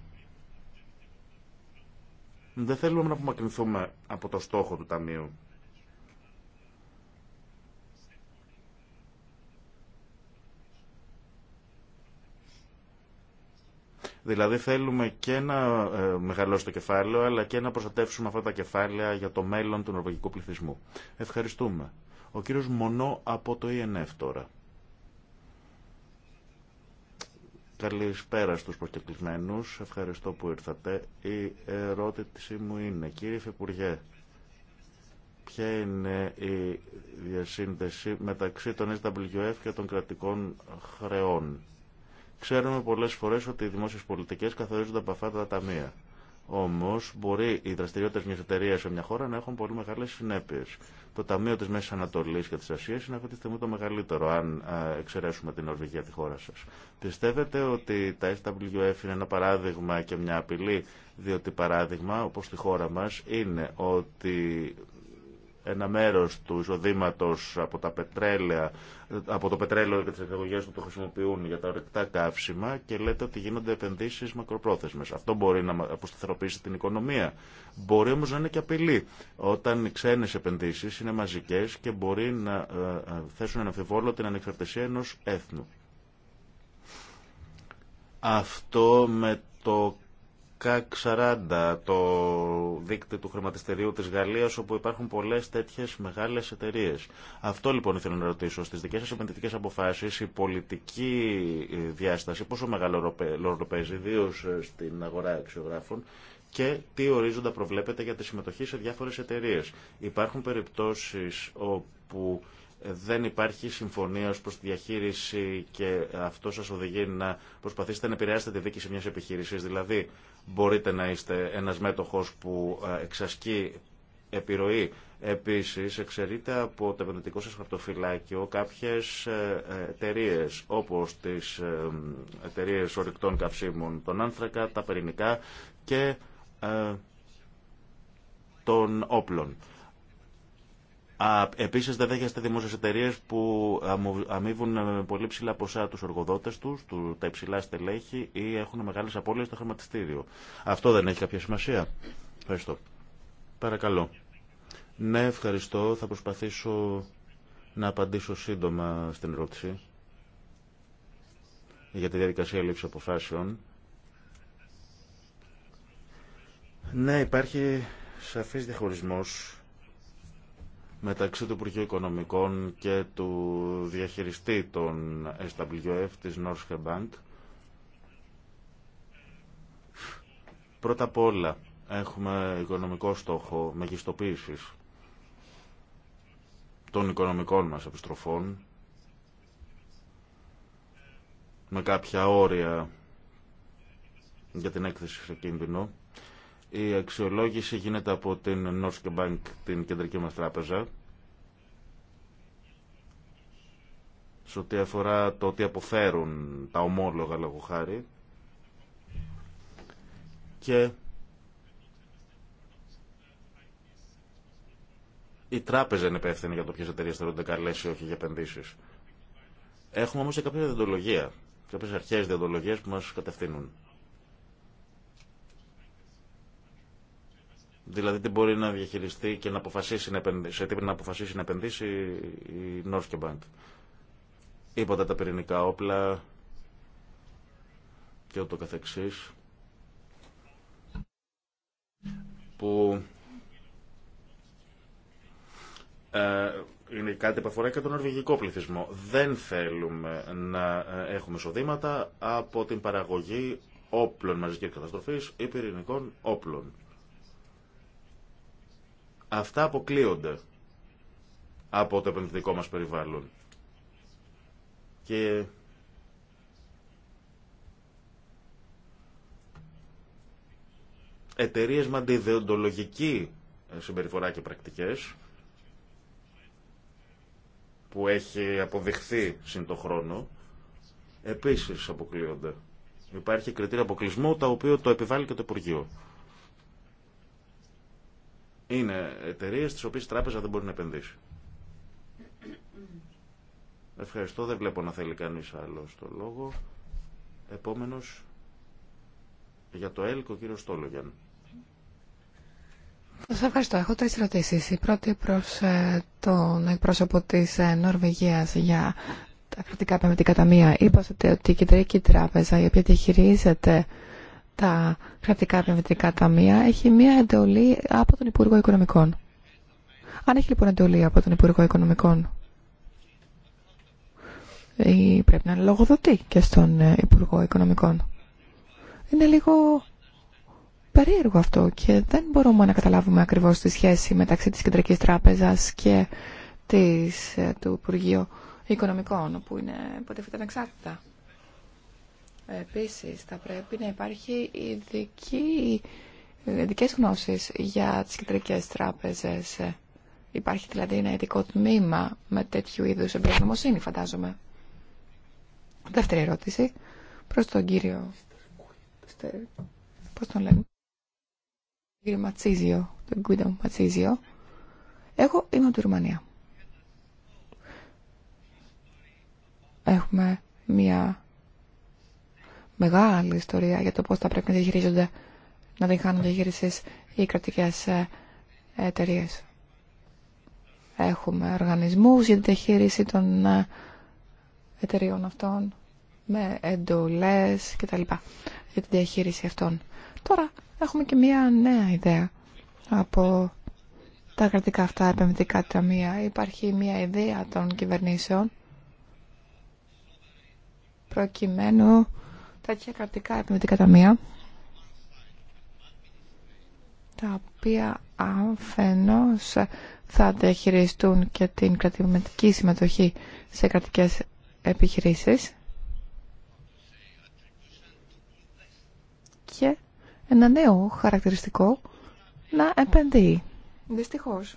δεν θέλουμε να απομακρυνθούμε από το στόχο του Ταμείου. Δηλαδή θέλουμε και να ε, μεγαλώσει το κεφάλαιο, αλλά και να προστατεύσουμε αυτά τα κεφάλαια για το μέλλον του νορβηγικού πληθυσμού. Ευχαριστούμε. Ο κύριος Μονό από το ΕΝΕΦ e τώρα. Καλησπέρα στους προσκεκλημένους. Ευχαριστώ που ήρθατε. Η ερώτησή μου είναι, κύριε Υφυπουργέ, ποια είναι η διασύνδεση μεταξύ των SWF και των κρατικών χρεών. Ξέρουμε πολλές φορές ότι οι δημόσιες πολιτικές καθορίζονται από αυτά τα ταμεία. Όμω μπορεί οι δραστηριότητε μια εταιρεία σε μια χώρα να έχουν πολύ μεγάλε συνέπειε. Το Ταμείο τη Μέση Ανατολή και τη Ασία είναι αυτή τη στιγμή το μεγαλύτερο, αν ε, εξαιρέσουμε την Ορβηγία τη χώρα σα. Πιστεύετε ότι τα SWF είναι ένα παράδειγμα και μια απειλή, διότι παράδειγμα, όπω στη χώρα μα, είναι ότι ένα μέρος του εισοδήματο από τα πετρέλαια, από το πετρέλαιο και τις εκαγωγές που το χρησιμοποιούν για τα ορεκτά καύσιμα και λέτε ότι γίνονται επενδύσεις μακροπρόθεσμες. Αυτό μπορεί να αποσταθεροποιήσει την οικονομία. Μπορεί όμως να είναι και απειλή. Όταν οι ξένες επενδύσεις είναι μαζικές και μπορεί να ε, ε, θέσουν ένα αμφιβόλο την ανεξαρτησία ενός έθνου. Αυτό με το ΚΑΚ 40, το δίκτυο του χρηματιστηρίου της Γαλλίας, όπου υπάρχουν πολλές τέτοιες μεγάλες εταιρείες. Αυτό λοιπόν ήθελα να ρωτήσω. Στις δικές σας επενδυτικές αποφάσεις, η πολιτική ε, διάσταση, πόσο μεγάλο ρόλο παίζει, ιδίω ε, στην αγορά αξιογράφων, και τι ορίζοντα προβλέπετε για τη συμμετοχή σε διάφορες εταιρείες. Υπάρχουν περιπτώσεις όπου δεν υπάρχει συμφωνία ως προς τη διαχείριση και αυτό σας οδηγεί να προσπαθήσετε να επηρεάσετε τη δίκη σε μιας επιχείρησης. Δηλαδή, μπορείτε να είστε ένας μέτοχος που ε, εξασκεί επιρροή. Επίσης, εξαιρείται από το επενδυτικό σας χαρτοφυλάκιο κάποιες ε, ε, εταιρείε, όπως τις εταιρείε ορυκτών καυσίμων, τον άνθρακα, τα περινικά και των όπλων. Επίσης δεν δέχεστε δημόσια εταιρείες που αμείβουν ε, πολύ ψηλά ποσά τους εργοδότες τους, τα υψηλά στελέχη ή έχουν μεγάλες απώλειες στο χρηματιστήριο. Αυτό δεν έχει κάποια σημασία. Ευχαριστώ. Παρακαλώ. Ναι, ευχαριστώ. Θα προσπαθήσω να απαντήσω σύντομα στην ερώτηση για τη διαδικασία λήψη αποφάσεων. Ναι, υπάρχει σαφής διαχωρισμός μεταξύ του Υπουργείου Οικονομικών και του διαχειριστή των SWF της Norske Bank. Πρώτα απ' όλα έχουμε οικονομικό στόχο μεγιστοποίησης των οικονομικών μας επιστροφών με κάποια όρια για την έκθεση σε κίνδυνο η αξιολόγηση γίνεται από την Norske Bank, την κεντρική μας τράπεζα, σε ό,τι αφορά το ότι αποφέρουν τα ομόλογα λόγω χάρη και η τράπεζα είναι υπεύθυνη για το ποιες εταιρείε θεωρούνται καλέ ή όχι για επενδύσει. Έχουμε όμως και κάποια διοντολογία, κάποιες αρχέ διαδολογίες που μας κατευθύνουν. Δηλαδή τι μπορεί να διαχειριστεί και να αποφασίσει να επενδύσει, σε τι πρέπει να αποφασίσει να επενδύσει η Norske Bank. Είπατε τα πυρηνικά όπλα και ούτω καθεξής που ε, είναι κάτι που αφορά και τον νορβηγικό πληθυσμό. Δεν θέλουμε να ε, έχουμε εισοδήματα από την παραγωγή όπλων μαζικής καταστροφής ή πυρηνικών όπλων. Αυτά αποκλείονται από το επενδυτικό μας περιβάλλον. Και εταιρείες με αντιδεοντολογική ε, συμπεριφορά και πρακτικές που έχει αποδειχθεί συν το χρόνο επίσης αποκλείονται. Υπάρχει κριτήριο αποκλεισμού τα οποία το επιβάλλει και το Υπουργείο. Είναι εταιρείε τι οποίε η τράπεζα δεν μπορεί να επενδύσει. Ευχαριστώ. Δεν βλέπω να θέλει κανεί άλλο το λόγο. Επόμενο για το ΕΛΚ ο κύριος Στόλογιαν. Σα ευχαριστώ. Έχω τρει ερωτήσει. Η πρώτη προ ε, τον εκπρόσωπο της ε, Νορβηγία για τα κρατικά επενδυτικά ταμεία. Είπατε ότι η Κεντρική Τράπεζα η οποία διαχειρίζεται τα κρατικά επενδυτικά ταμεία έχει μία εντολή από τον Υπουργό Οικονομικών. Αν έχει λοιπόν εντολή από τον Υπουργό Οικονομικών, πρέπει να λογοδοτεί και στον ε, Υπουργό Οικονομικών. Είναι λίγο περίεργο αυτό και δεν μπορούμε να καταλάβουμε ακριβώς τη σχέση μεταξύ της Κεντρικής Τράπεζας και ε, του Υπουργείου Οικονομικών, που είναι υποτίθεται ανεξάρτητα. Επίσης, θα πρέπει να υπάρχει ειδική, ειδικές γνώσεις για τις κεντρικές τράπεζες. Υπάρχει δηλαδή ένα ειδικό τμήμα με τέτοιου είδους εμπειρογνωμοσύνη, φαντάζομαι. Δεύτερη ερώτηση προς τον κύριο... Πώς τον Κύριο Ματσίζιο, τον Γκουίντο Ματσίζιο. Εγώ είμαι από τη Ρουμανία. Έχουμε μια μεγάλη ιστορία για το πώς θα πρέπει να διαχειρίζονται, να δεν χάνουν διαχείρισης οι κρατικές ε, εταιρείε. Έχουμε οργανισμούς για τη διαχείριση των ε, εταιρείων αυτών με εντολές κτλ. για τη διαχείριση αυτών. Τώρα έχουμε και μια νέα ιδέα από τα κρατικά αυτά επενδυτικά ταμεία. Υπάρχει μια ιδέα των κυβερνήσεων προκειμένου τα κρατικά επενδυτικά ταμεία τα οποία αφενός θα διαχειριστούν και την κρατηματική συμμετοχή σε κρατικές επιχειρήσεις και ένα νέο χαρακτηριστικό να επενδύει. Δυστυχώς.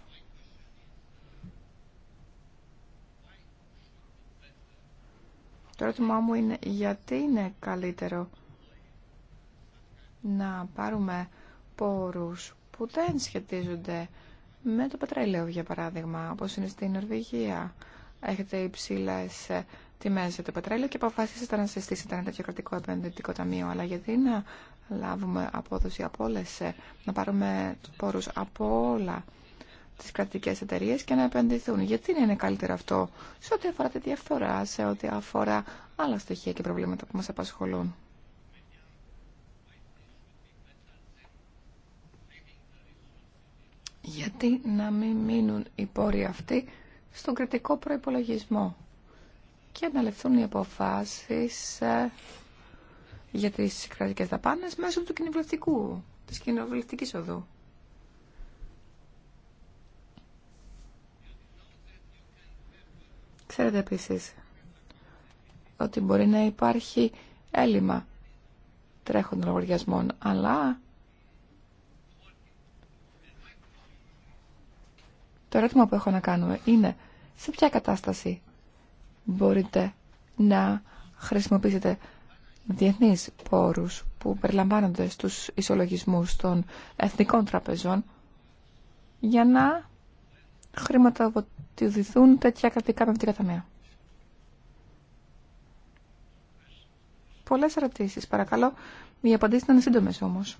Το ερώτημά μου είναι γιατί είναι καλύτερο να πάρουμε πόρους που δεν σχετίζονται με το πετρέλαιο, για παράδειγμα, όπως είναι στην Νορβηγία. Έχετε υψηλέ τιμές για το πετρέλαιο και αποφασίσατε να συστήσετε ένα τέτοιο κρατικό επενδυτικό ταμείο. Αλλά γιατί να λάβουμε απόδοση από όλε, να πάρουμε πόρου από όλα τις κρατικές εταιρείες και να επενδυθούν. Γιατί να είναι καλύτερο αυτό σε ό,τι αφορά τη διαφθορά, σε ό,τι αφορά άλλα στοιχεία και προβλήματα που μας απασχολούν. Γιατί να μην μείνουν οι πόροι αυτοί στον κρατικό προϋπολογισμό και να λεφθούν οι αποφάσεις ε, για τις κρατικές δαπάνες μέσω του κοινοβουλευτικού, της κοινοβουλευτικής οδού. Ξέρετε επίσης ότι μπορεί να υπάρχει έλλειμμα τρέχων λογαριασμών, αλλά το ερώτημα που έχω να κάνουμε είναι σε ποια κατάσταση μπορείτε να χρησιμοποιήσετε διεθνείς πόρους που περιλαμβάνονται στους ισολογισμούς των εθνικών τραπεζών για να χρηματοδοτηθούν τέτοια κρατικά την ταμεία. Πολλές ερωτήσεις, παρακαλώ. Οι απαντήσεις ήταν σύντομες όμως.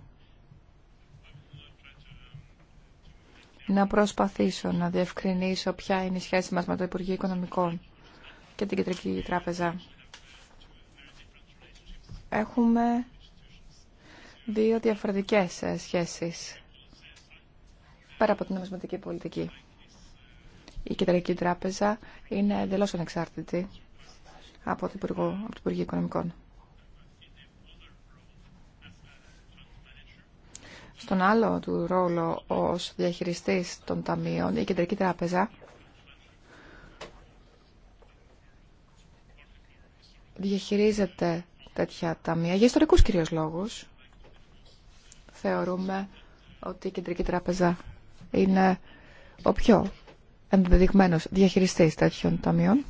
Να προσπαθήσω να διευκρινίσω ποια είναι η σχέση μας με το Υπουργείο Οικονομικών και την Κεντρική Τράπεζα. Έχουμε δύο διαφορετικές ε, σχέσεις πέρα από την νομισματική πολιτική η Κεντρική Τράπεζα είναι εντελώ ανεξάρτητη από την από την Υπουργή Οικονομικών. Στον άλλο του ρόλο ως διαχειριστής των ταμείων, η Κεντρική Τράπεζα διαχειρίζεται τέτοια ταμεία για ιστορικούς κυρίως λόγους. Θεωρούμε ότι η Κεντρική Τράπεζα είναι ο πιο ενδεδειγμένος διαχειριστής τέτοιων ταμείων.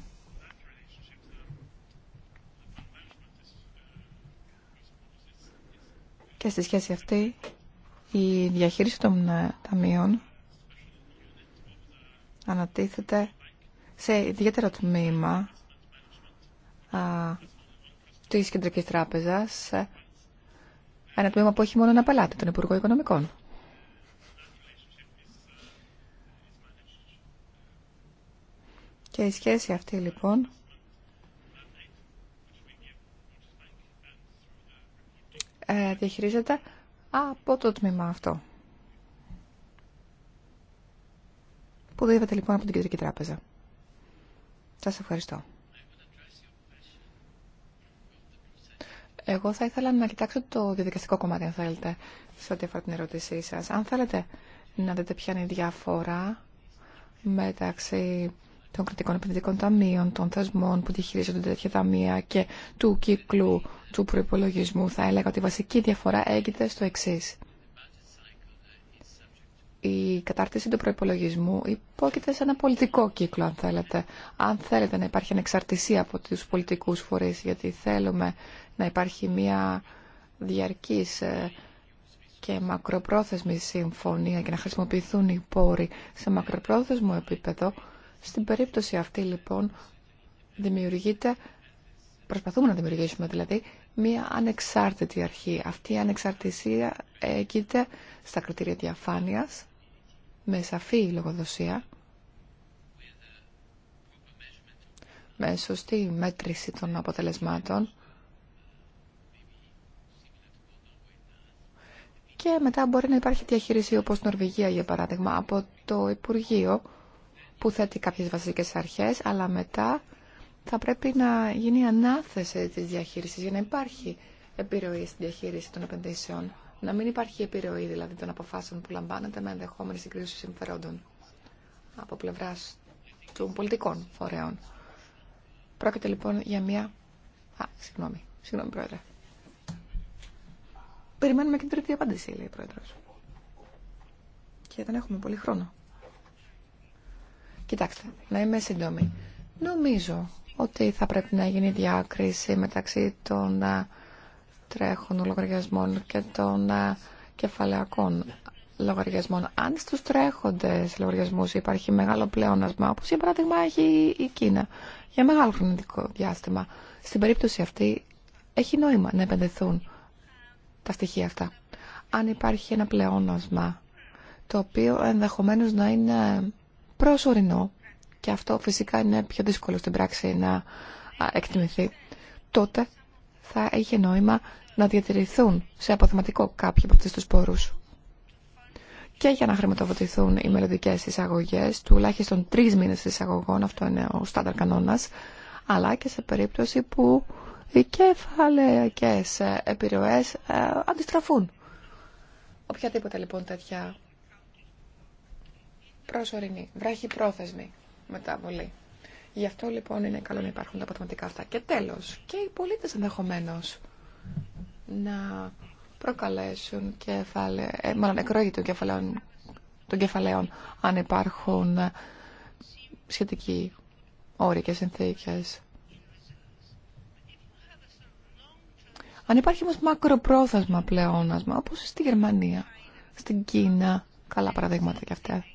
Και στη σχέση αυτή η διαχείριση των ε, ταμείων ανατίθεται σε ιδιαίτερο τμήμα α, της Κεντρικής Τράπεζας, ένα τμήμα που έχει μόνο ένα πελάτη, τον Υπουργό Οικονομικών. Και η σχέση αυτή λοιπόν ε, διαχειρίζεται από το τμήμα αυτό. Που δίδεται λοιπόν από την Κεντρική Τράπεζα. Σας ευχαριστώ. Εγώ θα ήθελα να κοιτάξω το διαδικαστικό κομμάτι, αν θέλετε, σε ό,τι αφορά την ερώτησή σας. Αν θέλετε να δείτε ποια είναι η διαφορά μεταξύ των κρατικών επενδυτικών ταμείων, των θεσμών που τη διαχειρίζονται τέτοια ταμεία και του κύκλου του προπολογισμού, θα έλεγα ότι η βασική διαφορά έγκυται στο εξή. Η κατάρτιση του προπολογισμού υπόκειται σε ένα πολιτικό κύκλο, αν θέλετε. Αν θέλετε να υπάρχει ανεξαρτησία από τους πολιτικούς φορείς, γιατί θέλουμε να υπάρχει μια διαρκής ε, και μακροπρόθεσμη συμφωνία και να χρησιμοποιηθούν οι πόροι σε μακροπρόθεσμο επίπεδο, στην περίπτωση αυτή λοιπόν δημιουργείται, προσπαθούμε να δημιουργήσουμε δηλαδή, μία ανεξάρτητη αρχή. Αυτή η ανεξαρτησία έγκυται στα κριτήρια διαφάνειας, με σαφή λογοδοσία, με σωστή μέτρηση των αποτελεσμάτων και μετά μπορεί να υπάρχει διαχείριση όπως Νορβηγία για παράδειγμα από το Υπουργείο που θέτει κάποιες βασικές αρχές, αλλά μετά θα πρέπει να γίνει ανάθεση της διαχείρισης για να υπάρχει επιρροή στη διαχείριση των επενδύσεων. Να μην υπάρχει επιρροή δηλαδή των αποφάσεων που λαμβάνεται με ενδεχόμενη συγκρίση συμφερόντων από πλευρά των πολιτικών φορέων. Πρόκειται λοιπόν για μια. Α, συγγνώμη, συγγνώμη, Πρόεδρε. Περιμένουμε και την τρίτη απάντηση, λέει ο Πρόεδρο. Και δεν έχουμε πολύ χρόνο. Κοιτάξτε, να είμαι σύντομη. Νομίζω ότι θα πρέπει να γίνει διάκριση μεταξύ των τρέχων λογαριασμών και των κεφαλαιακών λογαριασμών. Αν στους τρέχοντες λογαριασμούς υπάρχει μεγάλο πλεόνασμα, όπως για παράδειγμα έχει η Κίνα, για μεγάλο χρονικό διάστημα, στην περίπτωση αυτή έχει νόημα να επενδεθούν τα στοιχεία αυτά. Αν υπάρχει ένα πλεόνασμα, το οποίο ενδεχομένως να είναι προσωρινό και αυτό φυσικά είναι πιο δύσκολο στην πράξη να εκτιμηθεί, τότε θα έχει νόημα να διατηρηθούν σε αποθεματικό κάποιοι από αυτού τους πόρους. Και για να χρηματοδοτηθούν οι μελλοντικέ εισαγωγέ, τουλάχιστον τρει μήνε εισαγωγών, αυτό είναι ο στάνταρ κανόνα, αλλά και σε περίπτωση που οι κεφαλαϊκέ επιρροέ ε, αντιστραφούν. Οποιαδήποτε λοιπόν τέτοια προσωρινή, βράχη πρόθεσμη μεταβολή. Γι' αυτό λοιπόν είναι καλό να υπάρχουν τα πραγματικά αυτά. Και τέλος, και οι πολίτε ενδεχομένω να προκαλέσουν κεφαλαί... Ε, μάλλον εκρόγει των κεφαλαίων, των αν υπάρχουν ε, σχετικοί όροι και συνθήκες. Αν υπάρχει όμως μακροπρόθεσμα πλεόνασμα, όπως στη Γερμανία, στην Κίνα, καλά παραδείγματα και αυτά,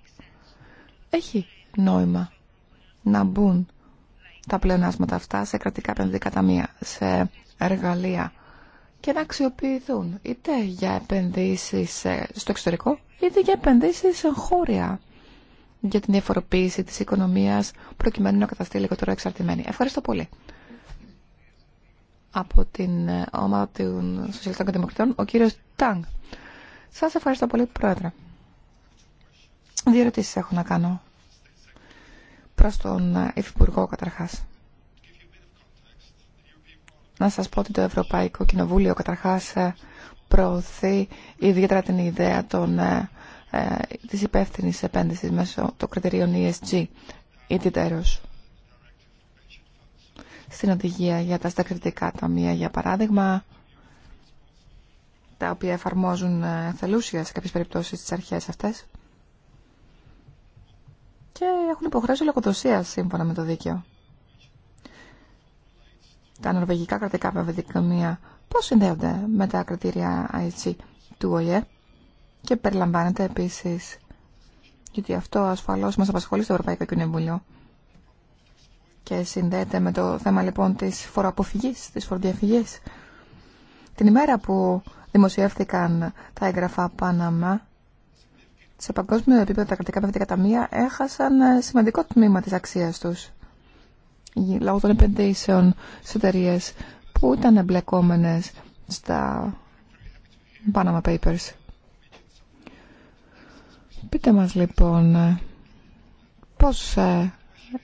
έχει νόημα να μπουν τα πλεονάσματα αυτά σε κρατικά επενδυτικά ταμεία, σε εργαλεία και να αξιοποιηθούν είτε για επενδύσεις ε, στο εξωτερικό είτε για επενδύσεις χώρια για την διαφοροποίηση της οικονομίας προκειμένου να καταστεί λιγότερο εξαρτημένη. Ευχαριστώ πολύ. Από την ε, ομάδα των Σοσιαλιστών και Δημοκρατών, ο κύριος Τάγκ. Σας ευχαριστώ πολύ, Πρόεδρε. Δύο ερωτήσει έχω να κάνω προς τον ε, Υφυπουργό καταρχάς. Να σας πω ότι το Ευρωπαϊκό Κοινοβούλιο καταρχάς ε, προωθεί ιδιαίτερα την ιδέα των, ε, της υπεύθυνη επένδυσης μέσω των κριτηρίων ESG, ιδιαίτερως. Στην οδηγία για τα στακριτικά ταμεία, για παράδειγμα, τα οποία εφαρμόζουν θελούσια σε κάποιες περιπτώσεις τις αρχές αυτές υποχρέωση λογοδοσία σύμφωνα με το δίκαιο. Τα νορβηγικά κρατικά βέβαια πώς συνδέονται με τα κριτήρια IC του ΟΙΕ και περιλαμβάνεται επίσης γιατί αυτό ασφαλώς μας απασχολεί στο Ευρωπαϊκό Κοινοβούλιο και συνδέεται με το θέμα λοιπόν της φοροαποφυγής, της φοροδιαφυγής. Την ημέρα που δημοσιεύθηκαν τα έγγραφα Πάναμα σε παγκόσμιο επίπεδο τα κρατικά παιδικά ταμεία έχασαν ε, σημαντικό τμήμα της αξίας τους λόγω των επενδύσεων σε εταιρείε που ήταν εμπλεκόμενες στα Panama Papers. Πείτε μας λοιπόν ε, πώς ε,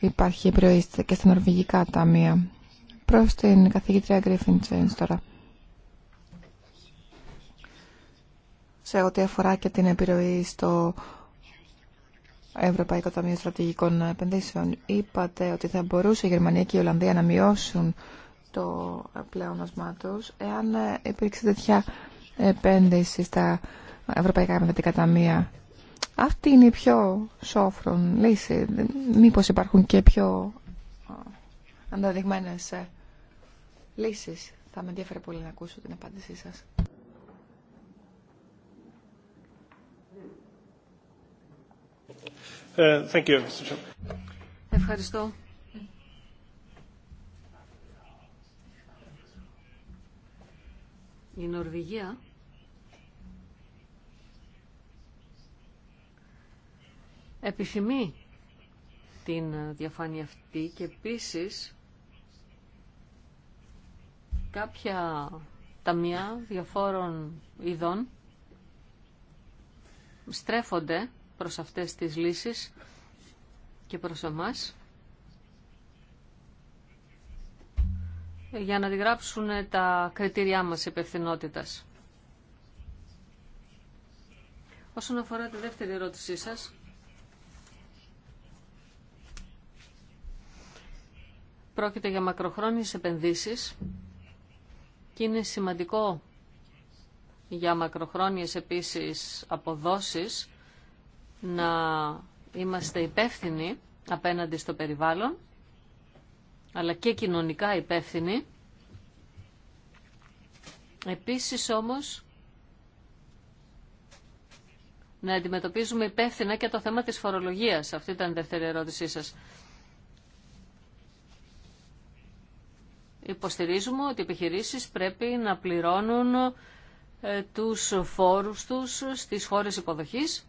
υπάρχει επιρροή και στα νορβηγικά ταμεία προς την καθηγήτρια Griffin τώρα. σε ό,τι αφορά και την επιρροή στο Ευρωπαϊκό Ταμείο Στρατηγικών Επενδύσεων. Είπατε ότι θα μπορούσε η Γερμανία και η Ολλανδία να μειώσουν το πλεόνασμά τους εάν υπήρξε τέτοια επένδυση στα Ευρωπαϊκά Επενδυτικά Ταμεία. Αυτή είναι η πιο σόφρον λύση. Μήπως υπάρχουν και πιο ανταδειγμένες ε, λύσεις. Θα με ενδιαφέρει πολύ να ακούσω την απάντησή σας. Uh, Ευχαριστώ. Η Νορβηγία επιθυμεί την διαφάνεια αυτή και επίσης κάποια ταμεία διαφόρων ειδών στρέφονται προς αυτές τις λύσεις και προς εμάς για να αντιγράψουν τα κριτήριά μας υπευθυνότητα. Όσον αφορά τη δεύτερη ερώτησή σας, πρόκειται για μακροχρόνιες επενδύσεις και είναι σημαντικό για μακροχρόνιες επίσης αποδόσεις να είμαστε υπεύθυνοι απέναντι στο περιβάλλον, αλλά και κοινωνικά υπεύθυνοι. Επίσης όμως να αντιμετωπίζουμε υπεύθυνα και το θέμα της φορολογίας. Αυτή ήταν η δεύτερη ερώτησή σας. Υποστηρίζουμε ότι οι επιχειρήσεις πρέπει να πληρώνουν ε, τους φόρους τους στις χώρες υποδοχής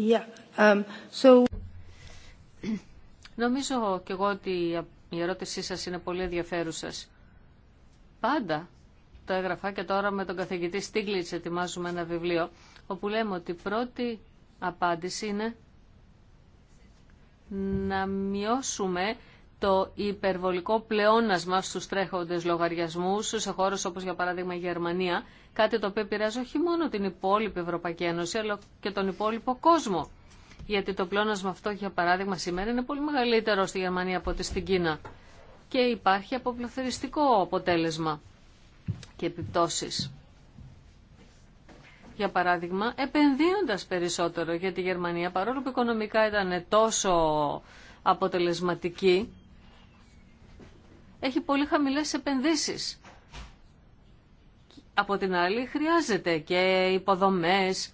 Um, Νομίζω και εγώ ότι η ερώτησή σας είναι πολύ ενδιαφέρουσα. Πάντα το έγραφα και τώρα με τον καθηγητή Στίγκλιτς ετοιμάζουμε ένα βιβλίο όπου λέμε ότι η πρώτη απάντηση είναι να μειώσουμε το υπερβολικό πλεόνασμα στους τρέχοντες λογαριασμούς σε χώρες όπως για παράδειγμα η Γερμανία, κάτι το οποίο επηρεάζει όχι μόνο την υπόλοιπη Ευρωπαϊκή Ένωση αλλά και τον υπόλοιπο κόσμο. Γιατί το πλεόνασμα αυτό για παράδειγμα σήμερα είναι πολύ μεγαλύτερο στη Γερμανία από ότι στην Κίνα και υπάρχει αποπλοθεριστικό αποτέλεσμα και επιπτώσεις. Για παράδειγμα, επενδύοντας περισσότερο για τη Γερμανία, παρόλο που οικονομικά ήταν τόσο αποτελεσματική, έχει πολύ χαμηλές επενδύσεις. Από την άλλη χρειάζεται και υποδομές,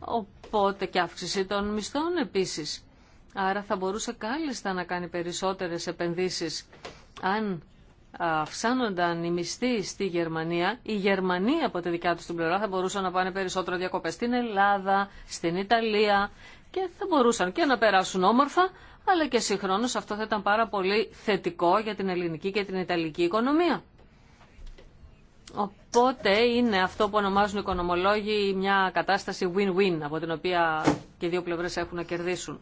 οπότε και αύξηση των μισθών επίσης. Άρα θα μπορούσε κάλλιστα να κάνει περισσότερες επενδύσεις. Αν αυξάνονταν οι μισθοί στη Γερμανία, η Γερμανία από τη δικιά τους την πλευρά θα μπορούσαν να πάνε περισσότερο διακοπές στην Ελλάδα, στην Ιταλία και θα μπορούσαν και να περάσουν όμορφα, αλλά και συγχρόνως αυτό θα ήταν πάρα πολύ θετικό για την ελληνική και την ιταλική οικονομία. Οπότε είναι αυτό που ονομάζουν οι οικονομολόγοι μια κατάσταση win-win, από την οποία και δύο πλευρές έχουν να κερδίσουν.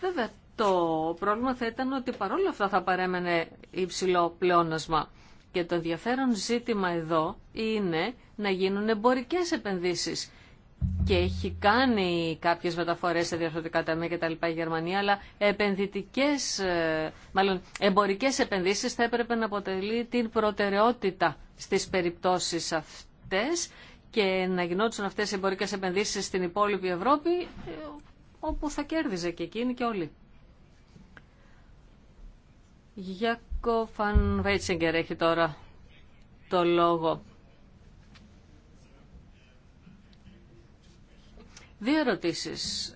Βέβαια, το πρόβλημα θα ήταν ότι παρόλα αυτά θα παρέμενε υψηλό πλεόνασμα. Και το ενδιαφέρον ζήτημα εδώ είναι να γίνουν εμπορικές επενδύσεις και έχει κάνει κάποιες μεταφορές σε διαφορετικά ταμεία και τα λοιπά η Γερμανία, αλλά επενδυτικές, ε, μάλλον εμπορικές επενδύσεις θα έπρεπε να αποτελεί την προτεραιότητα στις περιπτώσεις αυτές και να γινόντουσαν αυτές οι εμπορικές επενδύσεις στην υπόλοιπη Ευρώπη ε, όπου θα κέρδιζε και εκείνη και όλοι. Γιάκο Φαν Βέιτσιγκερ έχει τώρα το λόγο. Δύο ερωτήσει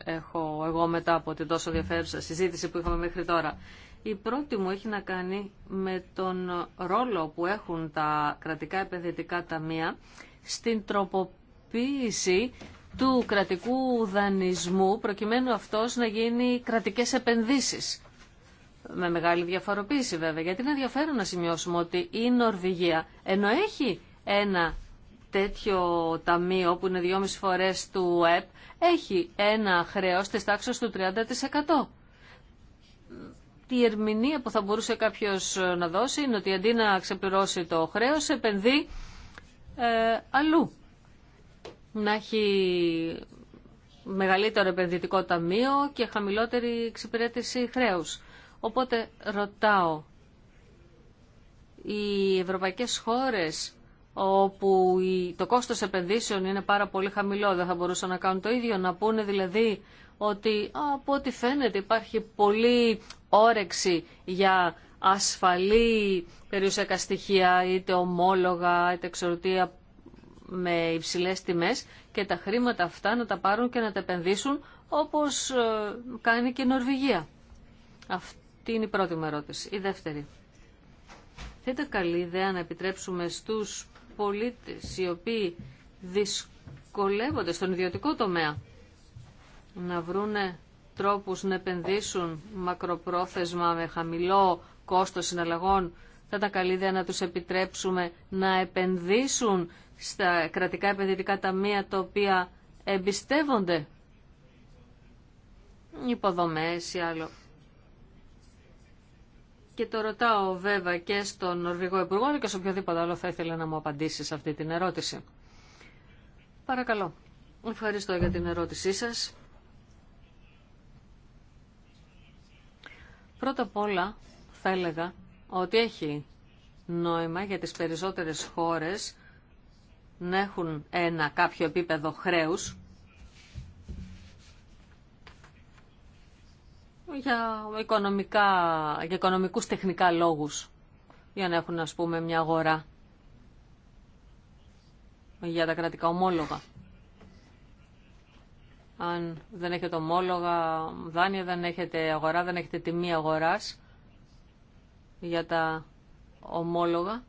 έχω εγώ μετά από την τόσο ενδιαφέρουσα συζήτηση που είχαμε μέχρι τώρα. Η πρώτη μου έχει να κάνει με τον ρόλο που έχουν τα κρατικά επενδυτικά ταμεία στην τροποποίηση του κρατικού δανεισμού προκειμένου αυτός να γίνει κρατικές επενδύσεις. Με μεγάλη διαφοροποίηση βέβαια, γιατί είναι ενδιαφέρον να σημειώσουμε ότι η Νορβηγία, ενώ έχει ένα τέτοιο ταμείο που είναι 2,5 φορές του ΕΠ έχει ένα χρέος της τάξης του 30%. Η ερμηνεία που θα μπορούσε κάποιος ε, να δώσει είναι ότι αντί να ξεπληρώσει το χρέος επενδύει ε, αλλού. Να έχει μεγαλύτερο επενδυτικό ταμείο και χαμηλότερη εξυπηρέτηση χρέους. Οπότε ρωτάω, οι ευρωπαϊκές χώρες όπου το κόστος επενδύσεων είναι πάρα πολύ χαμηλό, δεν θα μπορούσαν να κάνουν το ίδιο, να πούνε δηλαδή ότι από ό,τι φαίνεται υπάρχει πολύ όρεξη για ασφαλή περιουσιακά στοιχεία, είτε ομόλογα, είτε εξορτία με υψηλές τιμές και τα χρήματα αυτά να τα πάρουν και να τα επενδύσουν όπως ε, κάνει και η Νορβηγία. Αυτή είναι η πρώτη μου ερώτηση. Η δεύτερη. Θα ήταν καλή ιδέα να επιτρέψουμε στους πολίτες οι οποίοι δυσκολεύονται στον ιδιωτικό τομέα να βρούνε τρόπους να επενδύσουν μακροπρόθεσμα με χαμηλό κόστος συναλλαγών, θα ήταν καλή να τους επιτρέψουμε να επενδύσουν στα κρατικά επενδυτικά ταμεία τα οποία εμπιστεύονται υποδομές ή άλλο και το ρωτάω βέβαια και στον Νορβηγό Υπουργό και σε οποιοδήποτε άλλο θα ήθελε να μου απαντήσει σε αυτή την ερώτηση. Παρακαλώ. Ευχαριστώ για την ερώτησή σας. Πρώτα απ' όλα θα έλεγα ότι έχει νόημα για τις περισσότερες χώρες να έχουν ένα κάποιο επίπεδο χρέους για, οικονομικά, για οικονομικούς τεχνικά λόγους, για να έχουν ας πούμε μια αγορά για τα κρατικά ομόλογα. Αν δεν έχετε ομόλογα, δάνεια δεν έχετε αγορά, δεν έχετε τιμή αγοράς για τα ομόλογα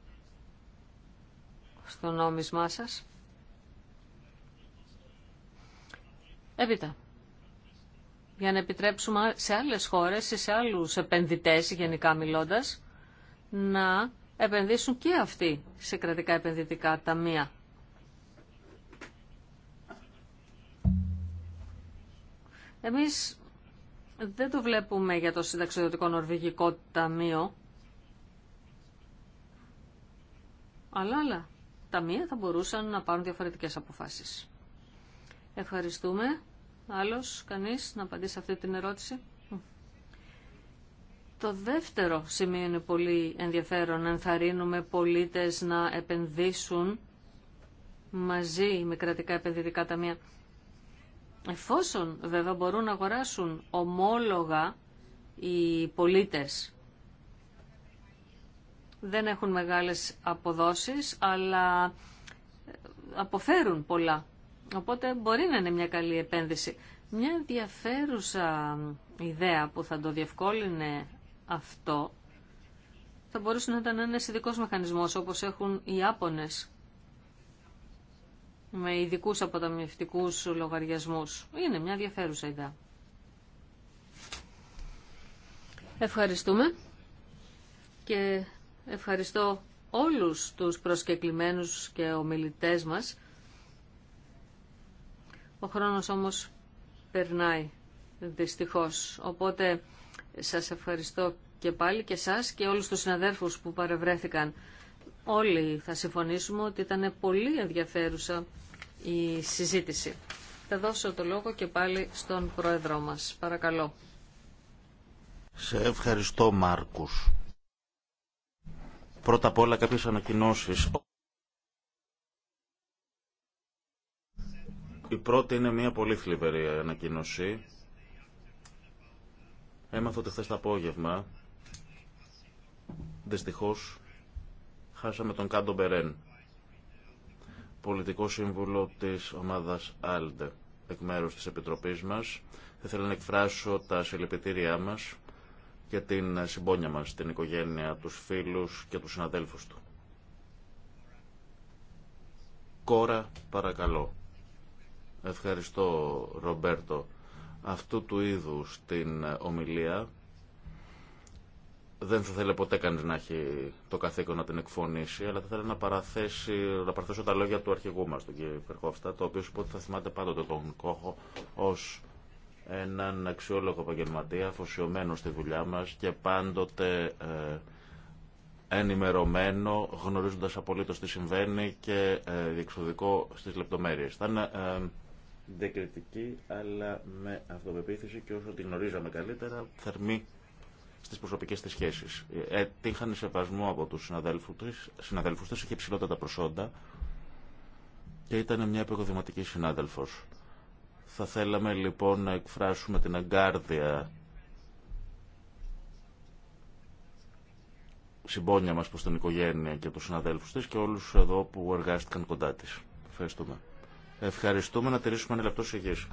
στο νόμισμά σας. Έπειτα, για να επιτρέψουμε σε άλλες χώρες ή σε άλλους επενδυτές γενικά μιλώντας να επενδύσουν και αυτοί σε κρατικά επενδυτικά ταμεία. Εμείς δεν το βλέπουμε για το συνταξιδοτικό νορβηγικό ταμείο, αλλά άλλα ταμεία θα μπορούσαν να πάρουν διαφορετικές αποφάσεις. Ευχαριστούμε. Άλλος, κανείς, να απαντήσει αυτή την ερώτηση. Το δεύτερο σημείο είναι πολύ ενδιαφέρον. Ενθαρρύνουμε πολίτες να επενδύσουν μαζί με κρατικά επενδυτικά ταμεία. Εφόσον βέβαια μπορούν να αγοράσουν ομόλογα οι πολίτες. Δεν έχουν μεγάλες αποδόσεις, αλλά ε, αποφέρουν πολλά Οπότε μπορεί να είναι μια καλή επένδυση. Μια ενδιαφέρουσα ιδέα που θα το διευκόλυνε αυτό θα μπορούσε να ήταν ένα ειδικό μηχανισμός όπως έχουν οι Άπωνες με ειδικού αποταμιευτικούς λογαριασμούς. Είναι μια ενδιαφέρουσα ιδέα. Ευχαριστούμε και ευχαριστώ όλους τους προσκεκλημένους και ομιλητές μας ο χρόνος όμως περνάει δυστυχώς. Οπότε σας ευχαριστώ και πάλι και σας και όλους τους συναδέρφους που παρευρέθηκαν. Όλοι θα συμφωνήσουμε ότι ήταν πολύ ενδιαφέρουσα η συζήτηση. Θα δώσω το λόγο και πάλι στον Πρόεδρό μας. Παρακαλώ. Σε ευχαριστώ Μάρκους. Πρώτα απ' όλα κάποιες ανακοινώσεις. Η πρώτη είναι μια πολύ θλιβερή ανακοίνωση. Έμαθα ότι χθε το απόγευμα, δυστυχώ, χάσαμε τον Κάντο Μπερέν, πολιτικό σύμβουλο της ομάδας Άλτε, εκ μέρους της Επιτροπής μας. Θα να εκφράσω τα συλληπιτήριά μας και την συμπόνια μας, την οικογένεια, τους φίλους και του συναδέλφους του. Κόρα, παρακαλώ. Ευχαριστώ, Ρομπέρτο. Αυτού του είδους την ομιλία δεν θα θέλει ποτέ κανείς να έχει το καθήκον να την εκφωνήσει, αλλά θα θέλει να, παραθέσει, να παραθέσω τα λόγια του αρχηγού μας, τον κύριο Περχόφστα, το οποίο είπε ότι θα θυμάται πάντοτε τον Κόχο ως έναν αξιόλογο επαγγελματία, αφοσιωμένο στη δουλειά μας και πάντοτε ε, ενημερωμένο, γνωρίζοντας απολύτως τι συμβαίνει και ε, διεξοδικό στις λεπτομέρειες. Ε, δεκριτική, αλλά με αυτοπεποίθηση και όσο την γνωρίζαμε καλύτερα, θερμή στις προσωπικές της σχέσεις. Ε, έτυχαν σεβασμό από τους συναδέλφους της, συναδέλφους της είχε ψηλότατα προσόντα και ήταν μια επικοδηματική συνάδελφος. Θα θέλαμε λοιπόν να εκφράσουμε την αγκάρδια συμπόνια μας προς την οικογένεια και τους συναδέλφους της και όλους εδώ που εργάστηκαν κοντά της. Ευχαριστούμε. Ευχαριστούμε να τηρήσουμε ένα λεπτό συγγύηση.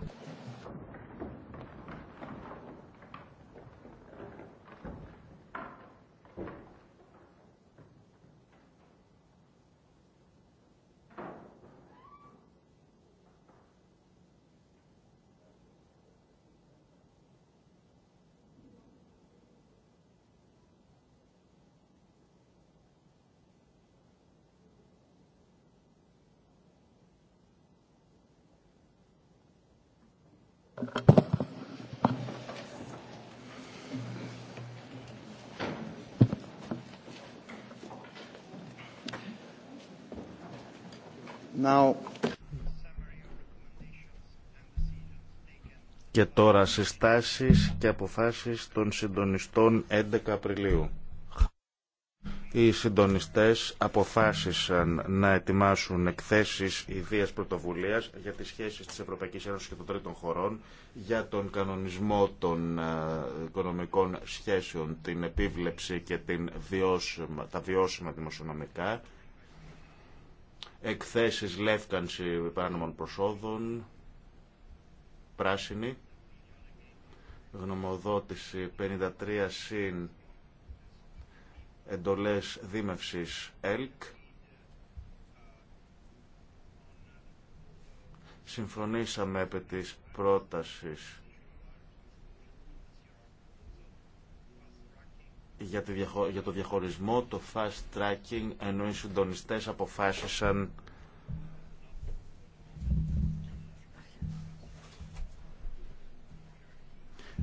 Και τώρα συστάσεις και αποφάσεις των συντονιστών 11 Απριλίου. Οι συντονιστές αποφάσισαν να ετοιμάσουν εκθέσεις ιδίας πρωτοβουλίας για τις σχέσεις της Ευρωπαϊκής Ένωσης και των τρίτων χωρών, για τον κανονισμό των ε, οικονομικών σχέσεων, την επίβλεψη και την βιώσιμα, τα βιώσιμα δημοσιονομικά, εκθέσεις λεύκανση παράνομων προσόδων, πράσινη, γνωμοδότηση 53 συν εντολές δίμευσης ΕΛΚ, συμφωνήσαμε επί της πρότασης για, για το διαχωρισμό, το fast tracking, ενώ οι συντονιστές αποφάσισαν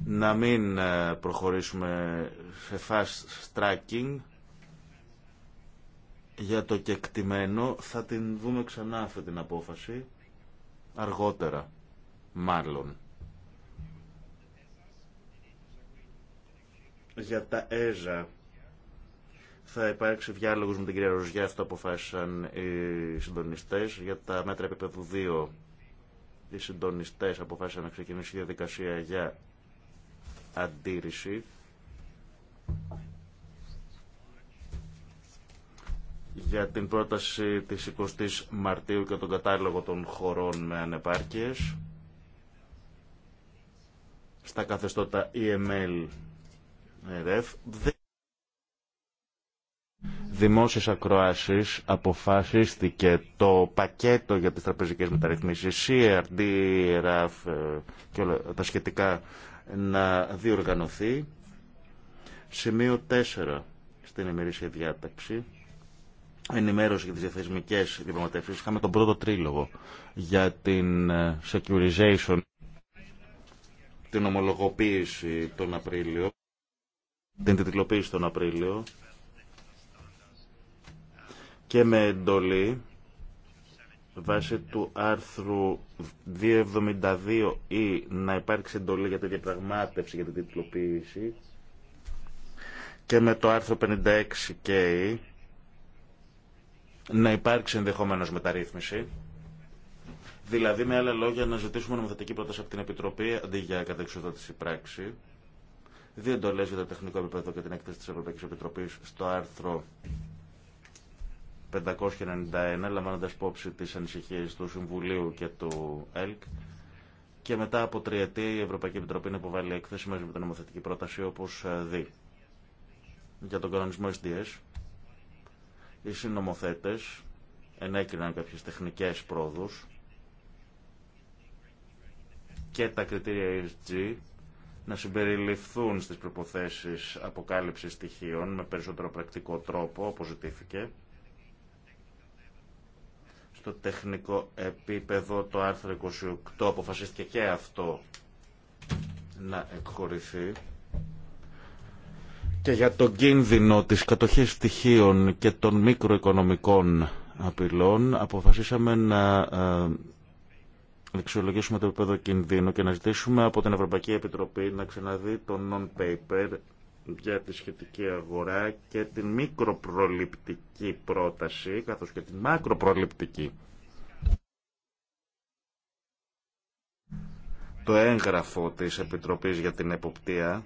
να μην ε, προχωρήσουμε σε fast tracking για το κεκτημένο θα την δούμε ξανά αυτή την απόφαση αργότερα μάλλον για τα ΕΖΑ θα υπάρξει διάλογο με την κυρία Ροζιά, αυτό αποφάσισαν οι συντονιστέ. Για τα μέτρα επίπεδου 2, οι συντονιστέ αποφάσισαν να ξεκινήσει η διαδικασία για αντίρρηση. για την πρόταση της 20ης Μαρτίου και τον κατάλογο των χωρών με ανεπάρκειες στα καθεστώτα EML ΕΡΕΦ ναι, δημόσιες αποφασίστηκε το πακέτο για τις τραπεζικές μεταρρυθμίσεις CRD, RAF ε, και όλα τα σχετικά να διοργανωθεί σημείο 4 στην ημερήσια διάταξη ενημέρωση για τις διαθεσμικές διαπραγματεύσεις είχαμε τον πρώτο τρίλογο για την ε, securization την ομολογοποίηση τον Απρίλιο την τιτλοποίηση τον Απρίλιο και με εντολή βάσει του άρθρου 272 ή να υπάρξει εντολή για τη διαπραγμάτευση για την τιτλοποίηση και με το άρθρο 56K να υπάρξει ενδεχόμενος μεταρρύθμιση. Δηλαδή, με άλλα λόγια, να ζητήσουμε νομοθετική πρόταση από την Επιτροπή αντί για κατεξοδότηση πράξη δύο εντολέ για το τεχνικό επίπεδο και την έκθεση τη Ευρωπαϊκή Επιτροπή στο άρθρο 591, λαμβάνοντα υπόψη τι ανησυχίε του Συμβουλίου και του ΕΛΚ. Και μετά από τριετή η Ευρωπαϊκή Επιτροπή να υποβάλει έκθεση μαζί με την νομοθετική πρόταση όπω ε, δει. Για τον κανονισμό SDS, οι συνομοθέτε ενέκριναν κάποιε τεχνικέ πρόοδου και τα κριτήρια ESG να συμπεριληφθούν στις προϋποθέσεις αποκάλυψης στοιχείων με περισσότερο πρακτικό τρόπο, όπως ζητήθηκε. Στο τεχνικό επίπεδο το άρθρο 28 αποφασίστηκε και αυτό να εκχωρηθεί. Και για τον κίνδυνο της κατοχής στοιχείων και των μικροοικονομικών απειλών αποφασίσαμε να ε, αξιολογήσουμε το επίπεδο κινδύνου και να ζητήσουμε από την Ευρωπαϊκή Επιτροπή να ξαναδεί το non-paper για τη σχετική αγορά και την μικροπροληπτική πρόταση καθώς και την μακροπροληπτική. Το έγγραφο της Επιτροπής για την Εποπτεία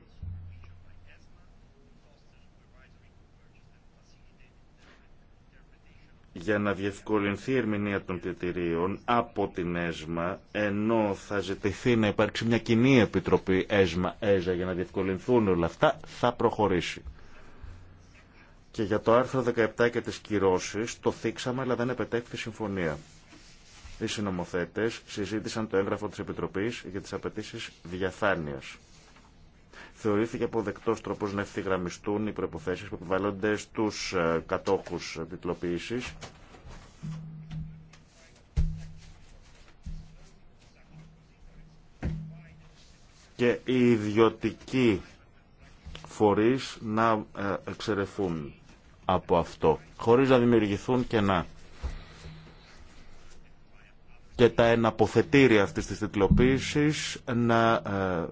για να διευκολυνθεί η ερμηνεία των κριτηρίων από την ΕΣΜΑ, ενώ θα ζητηθεί να υπάρξει μια κοινή επιτροπή ΕΣΜΑ-ΕΖΑ για να διευκολυνθούν όλα αυτά, θα προχωρήσει. Και για το άρθρο 17 και τις κυρώσεις, το θίξαμε αλλά δεν επετέχθη συμφωνία. Οι συνομοθέτες συζήτησαν το έγγραφο της Επιτροπής για τις απαιτήσεις διαφάνειας Θεωρήθηκε αποδεκτό τρόπο να ευθυγραμμιστούν οι προποθέσει που επιβαλλονται στου ε, κατόχου τυπλοποίηση. και οι ιδιωτικοί φορείς να ε, εξαιρεθούν από αυτό, χωρίς να δημιουργηθούν να Και τα εναποθετήρια αυτής της τιτλοποίησης να ε,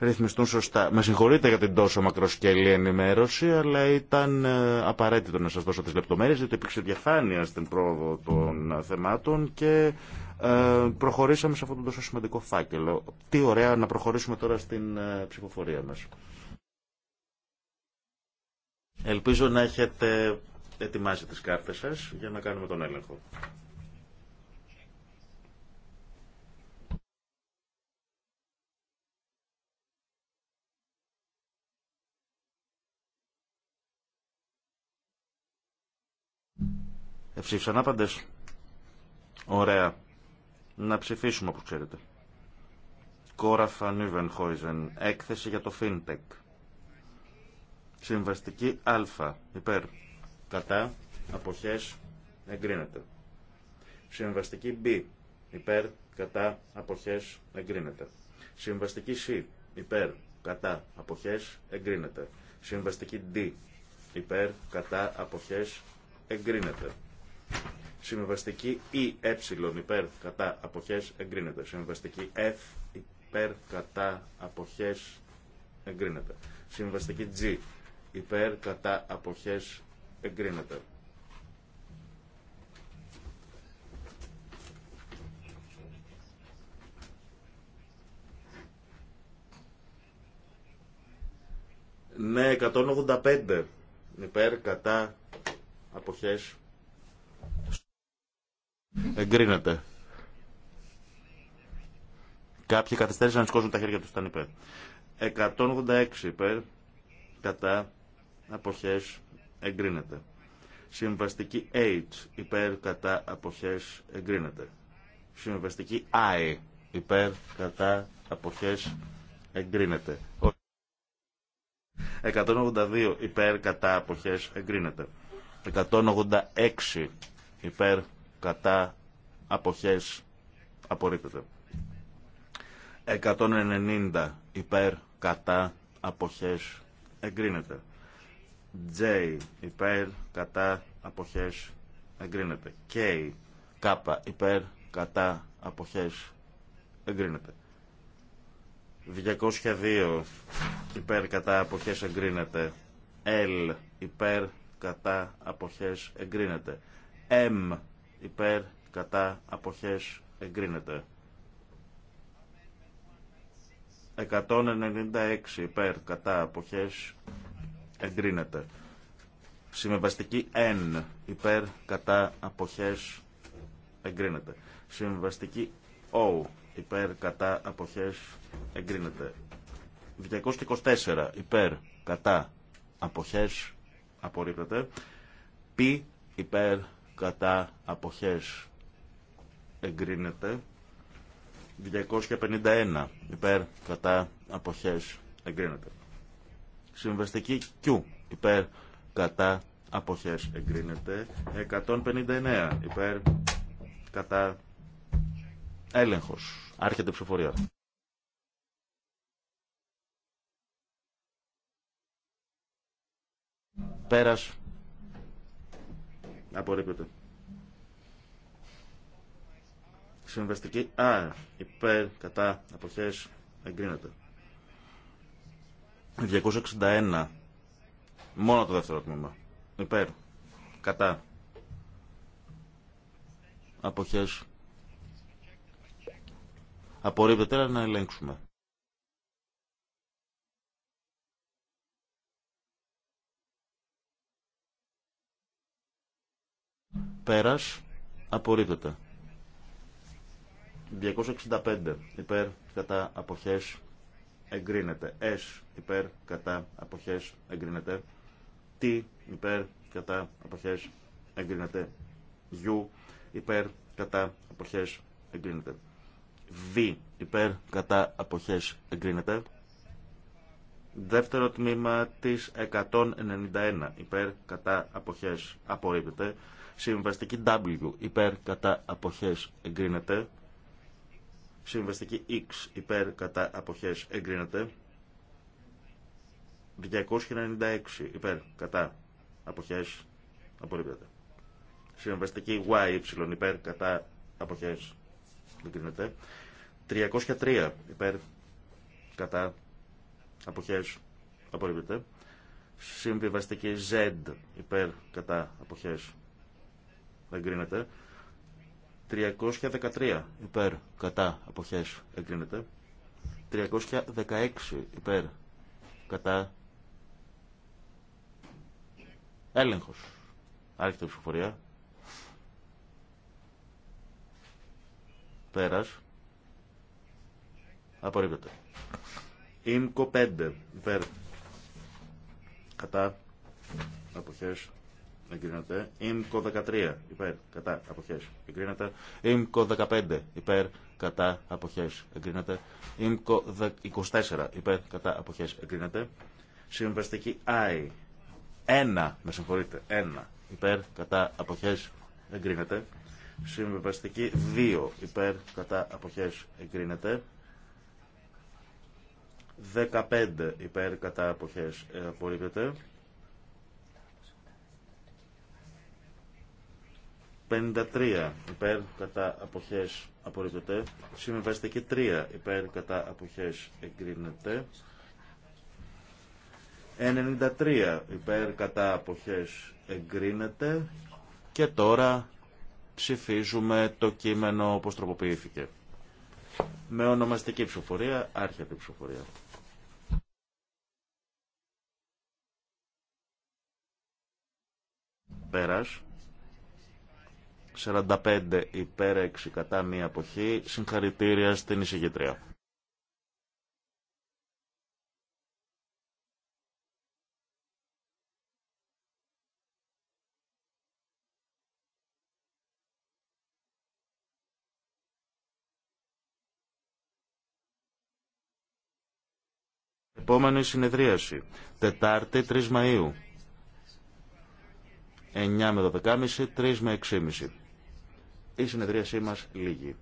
ρυθμιστούν σωστά. Με συγχωρείτε για την τόσο μακροσκελή ενημέρωση, αλλά ήταν ε, απαραίτητο να σας δώσω τις λεπτομέρειες, γιατί υπήρξε διαφάνεια στην πρόοδο των θεμάτων και ε, προχωρήσαμε σε αυτόν τον τόσο σημαντικό φάκελο. Τι ωραία να προχωρήσουμε τώρα στην ε, ψηφοφορία μας. Ελπίζω να έχετε ετοιμάσει τις κάρτες σας για να κάνουμε τον έλεγχο. Εψήφισαν άπαντες. Ωραία. Να ψηφίσουμε όπω ξέρετε. Κόρα Φανίβενχόιζεν. Έκθεση για το FinTech. Συμβαστική Α. Υπέρ. Κατά. Αποχές. Εγκρίνεται. Συμβαστική Β. Υπέρ. Κατά. Αποχές. Εγκρίνεται. Συμβαστική Σ. Υπέρ. Κατά. Αποχές. Εγκρίνεται. Συμβαστική D. Υπέρ. Κατά. Αποχές. Εγκρίνεται. Συμβαστική ή ε υπέρ κατά αποχές εγκρίνεται. Συμβαστική F υπέρ κατά αποχές εγκρίνεται. Συμβαστική G υπέρ κατά αποχές εγκρίνεται. Ναι, 185 υπέρ κατά αποχές Εγκρίνεται. Κάποιοι καθυστέρησαν να σκόσουν τα χέρια του ήταν υπέρ. 186 υπέρ, κατά, αποχές, εγκρίνεται. Συμβαστική H υπέρ, κατά, αποχές, εγκρίνεται. Συμβαστική I υπέρ, κατά, αποχές, εγκρίνεται. 182 υπέρ, κατά, αποχές, εγκρίνεται. 186 υπέρ, κατά αποχές απορρίπτεται. 190 υπέρ κατά αποχές εγκρίνεται. J υπέρ κατά αποχές εγκρίνεται. K K υπέρ κατά αποχές εγκρίνεται. 202 υπέρ κατά αποχές εγκρίνεται. L υπέρ κατά αποχές εγκρίνεται. M υπέρ, κατά, αποχές, εγκρίνεται. 196 υπέρ, κατά, αποχές, εγκρίνεται. Συμβαστική N υπέρ, κατά, αποχές, εγκρίνεται. Συμβαστική O υπέρ, κατά, αποχές, εγκρίνεται. 224 υπέρ, κατά, αποχές, απορρίπτεται. Π υπέρ, κατά αποχές εγκρίνεται 251 υπέρ κατά αποχές εγκρίνεται συμβαστική Q υπέρ κατά αποχές εγκρίνεται 159 υπέρ κατά έλεγχος άρχεται ψηφορία πέρας Απορρίπτεται. Συμβαστική Α. Υπέρ, κατά, αποχές, εγκρίνεται. 261. Μόνο το δεύτερο τμήμα. Υπέρ. Κατά. Αποχές. Απορρίπτεται, να ελέγξουμε. Πέρας. Απορρίπτεται. 265 υπέρ κατά αποχές εγκρίνεται. S υπέρ κατά αποχές εγκρίνεται. T υπέρ κατά αποχές εγκρίνεται. U υπέρ κατά αποχές εγκρίνεται. V υπέρ κατά αποχές εγκρίνεται. Δεύτερο τμήμα της 191 υπέρ κατά αποχές απορρίπτεται. Συμβαστική W υπέρ κατά αποχές εγκρίνεται. Συμβαστική X υπέρ κατά αποχές εγκρίνεται. 296 υπέρ κατά αποχές απορρίπτεται. Συμβαστική Y υπέρ κατά αποχές εγκρίνεται. 303 υπέρ κατά αποχές απορρίπτεται. Συμβιβαστική Z υπέρ κατά αποχές εγκρίνεται. 313 υπέρ κατά αποχές εγκρίνεται. 316 υπέρ κατά έλεγχος. Άρχεται η ψηφοφορία. Πέρας. Απορρίπτεται. Ήμκο 5 υπέρ κατά αποχές εγκρίνεται. ΕΜΚΟ 13 υπέρ κατά αποχές εγκρίνεται. ΕΜΚΟ 15 υπέρ κατά αποχές εγκρίνεται. ΕΜΚΟ 24 υπέρ κατά αποχές εγκρίνεται. Συμβαστική I. Ένα, με συγχωρείτε, ένα υπέρ κατά αποχές εγκρίνεται. Συμβαστική 2 υπέρ κατά αποχές εγκρίνεται. 15 υπέρ κατά αποχές ε, απορρίπτεται. 53 υπέρ κατά αποχές απορρίπτεται. και 3 υπέρ κατά αποχές εγκρίνεται. 93 υπέρ κατά αποχές εγκρίνεται. Και τώρα ψηφίζουμε το κείμενο όπως τροποποιήθηκε. Με ονομαστική ψηφοφορία, άρχεται ψηφοφορία. Πέρας. 45 υπέρ 6 κατά μία αποχή. Συγχαρητήρια στην εισηγητρία. Επόμενη συνεδρίαση, Τετάρτη 3 Μαΐου, 9 με 12.30, 3 με 6.30. Η συνεδρίασή μας λίγη.